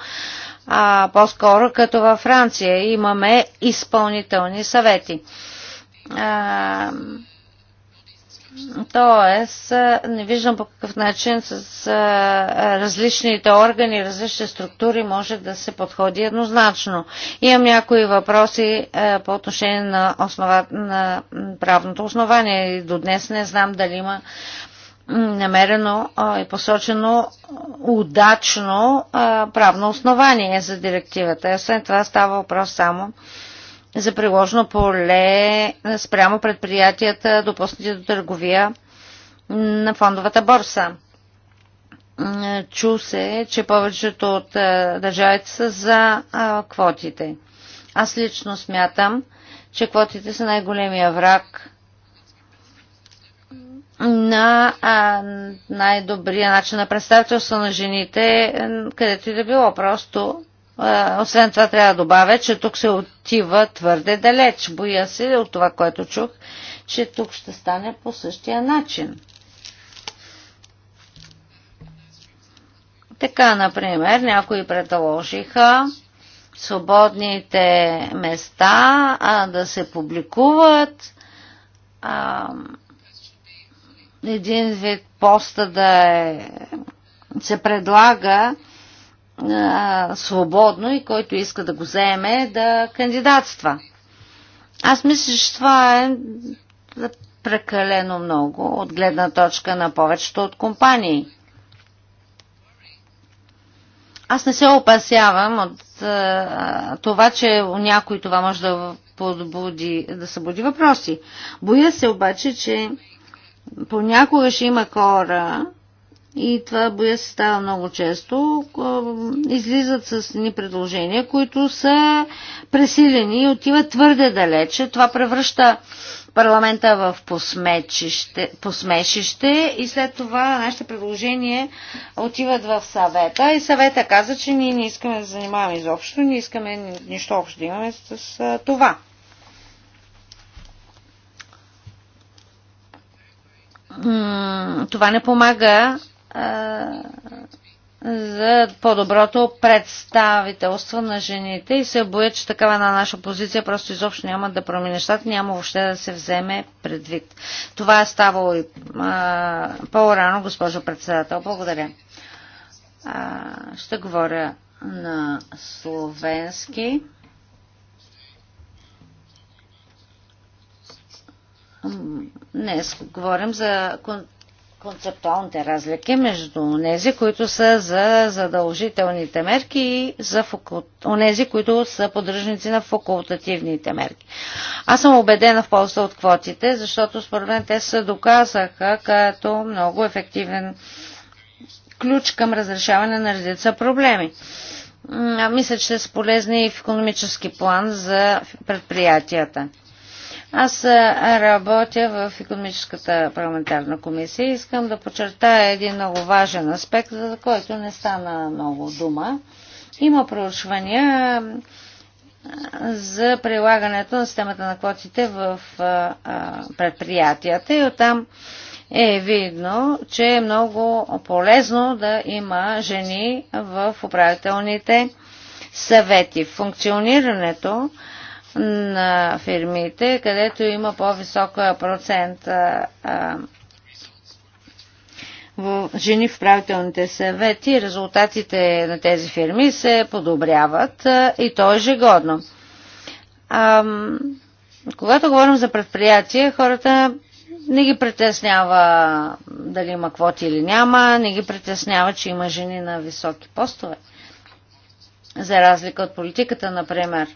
по-скоро като във Франция. Имаме изпълнителни съвети. Тоест, не виждам по какъв начин с различните органи, различни структури може да се подходи еднозначно. Имам някои въпроси по отношение на, основа, на правното основание и до днес не знам дали има намерено и посочено удачно правно основание за директивата. Освен това става въпрос само за приложено поле спрямо предприятията, допуснати до търговия на фондовата борса. Чу се, че повечето от е, държавите са за е, квотите. Аз лично смятам, че квотите са най-големия враг на е, най-добрия начин на представителство на жените, където и да било. Просто освен това трябва да добавя, че тук се отива твърде далеч. Боя се от това, което чух, че тук ще стане по същия начин. Така, например, някои предложиха свободните места а, да се публикуват, а, един вид поста да е, се предлага свободно и който иска да го вземе, да кандидатства. Аз мисля, че това е прекалено много от гледна точка на повечето от компании. Аз не се опасявам от а, това, че у някой това може да подбуди, да събуди въпроси. Боя се обаче, че понякога ще има хора, и това боя се става много често, излизат с ни предложения, които са пресилени и отиват твърде далече. Това превръща парламента в посмешище, посмешище и след това нашите предложения отиват в съвета и съвета каза, че ние не искаме да занимаваме изобщо, не искаме нищо общо да имаме с това. това не помага за по-доброто представителство на жените и се боят, че такава на наша позиция просто изобщо няма да промени нещата, няма въобще да се вземе предвид. Това е ставало и по-рано, госпожо председател. Благодаря. А, ще говоря на словенски. Днес говорим за концептуалните разлики между тези, които са за задължителните мерки и за факул... онези, които са поддръжници на факултативните мерки. Аз съм убедена в полза от квотите, защото според мен те се доказаха като много ефективен ключ към разрешаване на редица проблеми. Мисля, че са полезни и в економически план за предприятията. Аз работя в економическата парламентарна комисия и искам да подчертая един много важен аспект, за който не стана много дума. Има проучвания за прилагането на системата на квотите в предприятията и оттам е видно, че е много полезно да има жени в управителните съвети. Функционирането на фирмите, където има по-висок процент а, а, в жени в правителните съвети, резултатите на тези фирми се подобряват а, и то ежегодно. А, когато говорим за предприятие, хората не ги притеснява дали има квоти или няма, не ги притеснява, че има жени на високи постове. За разлика от политиката, например.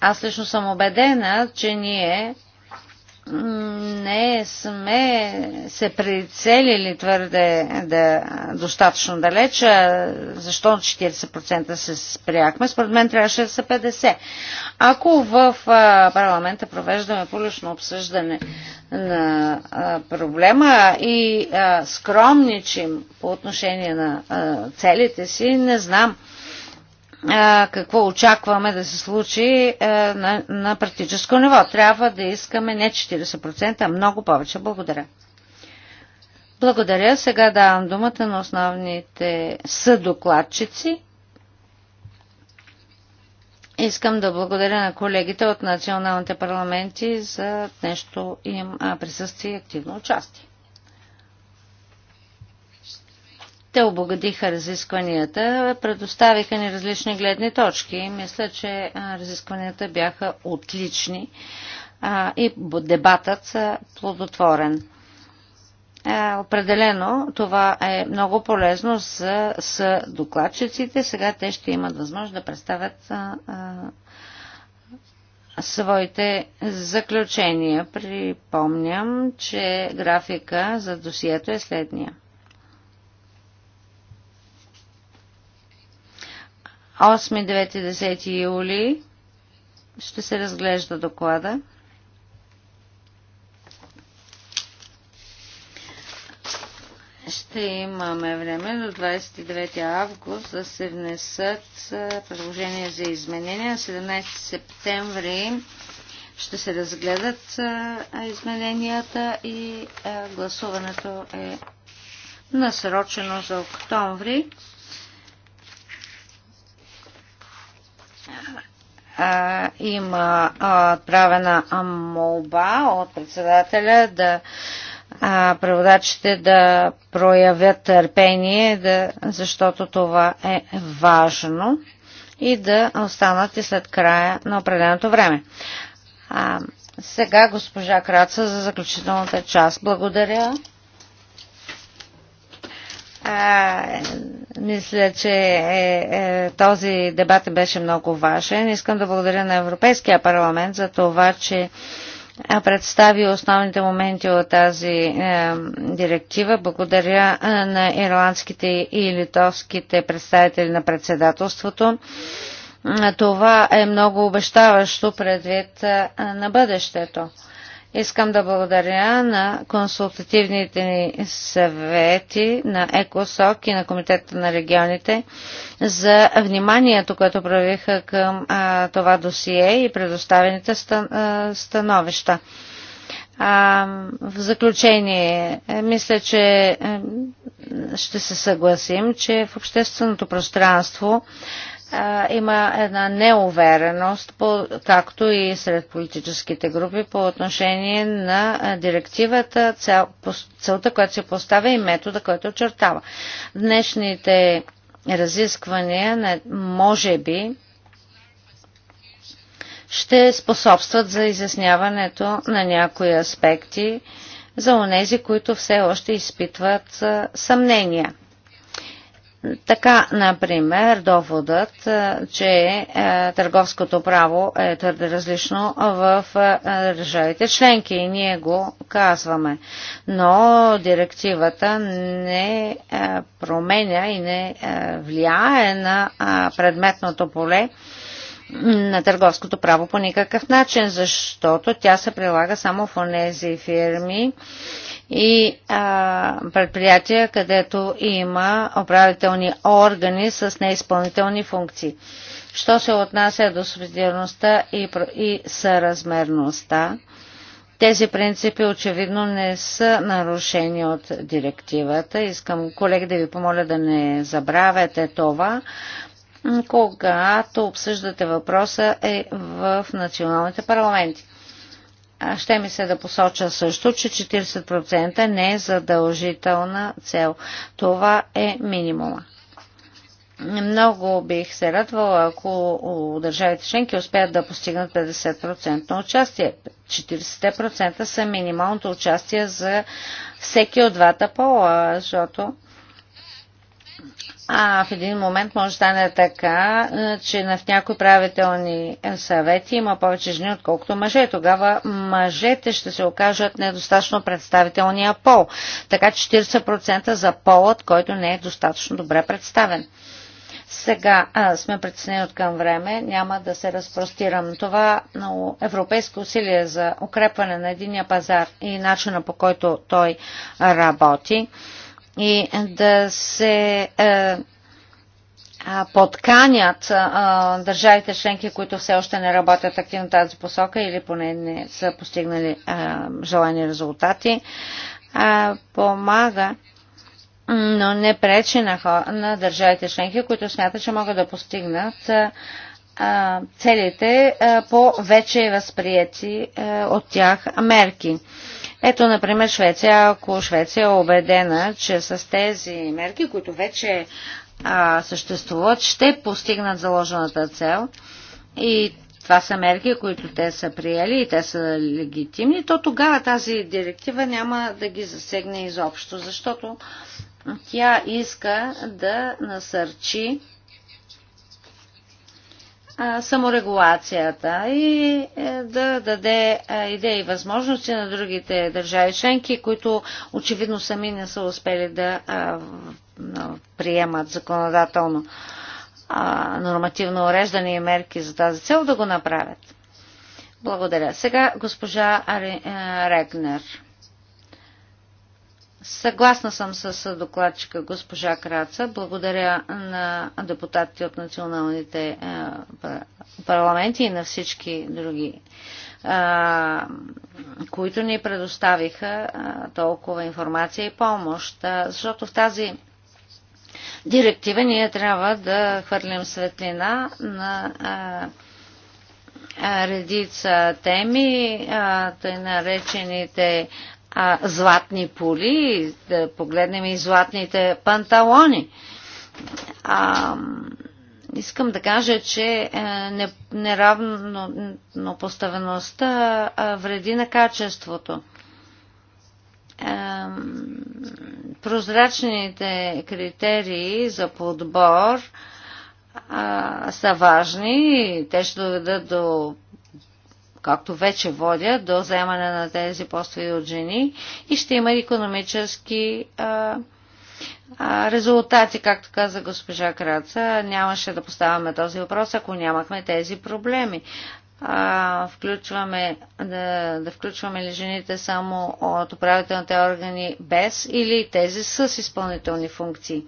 Аз лично съм убедена, че ние не сме се прицелили твърде да, достатъчно далеч. Защо 40% се спряхме? Според мен трябваше да са 50%. Ако в парламента провеждаме публично обсъждане на проблема и скромничим по отношение на целите си, не знам какво очакваме да се случи на, на практическо ниво. Трябва да искаме не 40%, а много повече. Благодаря. Благодаря. Сега давам думата на основните съдокладчици. Искам да благодаря на колегите от националните парламенти за днешното им присъствие и активно участие. Те обогадиха разискванията, предоставиха ни различни гледни точки. Мисля, че разискванията бяха отлични и дебатът плодотворен. Определено това е много полезно за, за докладчиците. Сега те ще имат възможност да представят а, а, своите заключения. Припомням, че графика за досието е следния. 8-9-10 юли ще се разглежда доклада. Ще имаме време до 29 август да се внесат предложения за изменения. 17 септември ще се разгледат измененията и гласуването е насрочено за октомври. а, има отправена молба от председателя да а, преводачите да проявят търпение, да, защото това е важно и да останат и след края на определеното време. А, сега госпожа Краца за заключителната част. Благодаря. А, мисля, че е, е, този дебат беше много важен. Искам да благодаря на Европейския парламент за това, че представи основните моменти от тази е, директива. Благодаря е, на ирландските и литовските представители на председателството. Е, това е много обещаващо предвид е, на бъдещето. Искам да благодаря на консултативните ни съвети на ЕКОСОК и на Комитета на регионите за вниманието, което правиха към а, това досие и предоставените стан, а, становища. А, в заключение, е, мисля, че е, ще се съгласим, че в общественото пространство а, има една неувереност, по, както и сред политическите групи по отношение на директивата, цел, целта, която се поставя и метода, който очертава. Днешните разисквания може би ще способстват за изясняването на някои аспекти за онези, които все още изпитват съмнения. Така, например, доводът, е, че е, търговското право е твърде различно в е, държавите членки и ние го казваме. Но директивата не променя и не влияе на предметното поле на търговското право по никакъв начин, защото тя се прилага само в тези фирми, и а, предприятия, където има управителни органи с неизпълнителни функции. Що се отнася до субсидиарността и, и съразмерността, тези принципи очевидно не са нарушени от директивата. Искам, колеги, да ви помоля да не забравяте това, когато обсъждате въпроса е в националните парламенти. Ще ми се да посоча също, че 40% не е задължителна цел. Това е минимума. Много бих се радвала, ако държавите членки успеят да постигнат 50% участие. 40% са минималното участие за всеки от двата пола, защото а в един момент може да стане така, е, че в някои правителни съвети има повече жени, отколкото мъже. Тогава мъжете ще се окажат недостатъчно представителния пол. Така 40% за полът, който не е достатъчно добре представен. Сега а, сме притеснени от към време, няма да се разпростирам. Това но европейско усилие за укрепване на единия пазар и начина по който той работи и да се е, подканят държавите членки, които все още не работят активно тази посока или поне не са постигнали желани резултати, помага, но не пречи на, на държавите членки, които смятат, че могат да постигнат а, целите а, по вече възприяти а, е, от тях мерки. Ето, например, Швеция. Ако Швеция е убедена, че с тези мерки, които вече а, съществуват, ще постигнат заложената цел и това са мерки, които те са приели и те са легитимни, то тогава тази директива няма да ги засегне изобщо, защото тя иска да насърчи саморегулацията и е, да даде е, идеи и възможности на другите държави членки, които очевидно сами не са успели да е, приемат законодателно нормативно уреждане и мерки за тази цел да го направят. Благодаря. Сега госпожа Регнер. Съгласна съм с докладчика госпожа Краца. Благодаря на депутатите от националните е, парламенти и на всички други, е, които ни предоставиха е, толкова информация и помощ. Защото в тази директива ние трябва да хвърлим светлина на редица теми, тъй наречените а, златни поли, да погледнем и златните панталони. А, искам да кажа, че е, неравнопоставеността е, вреди на качеството. Е, прозрачните критерии за подбор е, са важни. Те ще доведат до както вече водя до заемане на тези постове от жени и ще има економически а, а, резултати, както каза госпожа Краца. Нямаше да поставяме този въпрос, ако нямахме тези проблеми. А, включваме, да, да включваме ли жените само от управителните органи без или тези с изпълнителни функции.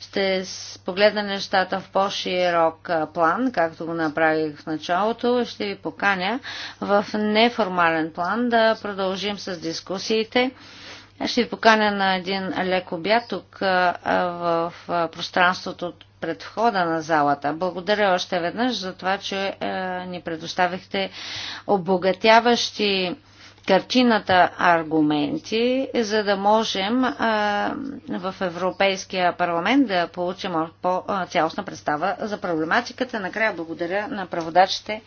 Ще погледна нещата в по-широк план, както го направих в началото. Ще ви поканя в неформален план да продължим с дискусиите. Ще ви поканя на един лек обяд тук в пространството пред входа на залата. Благодаря още веднъж за това, че е, ни предоставихте обогатяващи картината аргументи, за да можем в Европейския парламент да получим по-цялостна представа за проблематиката. Накрая благодаря на праводачите.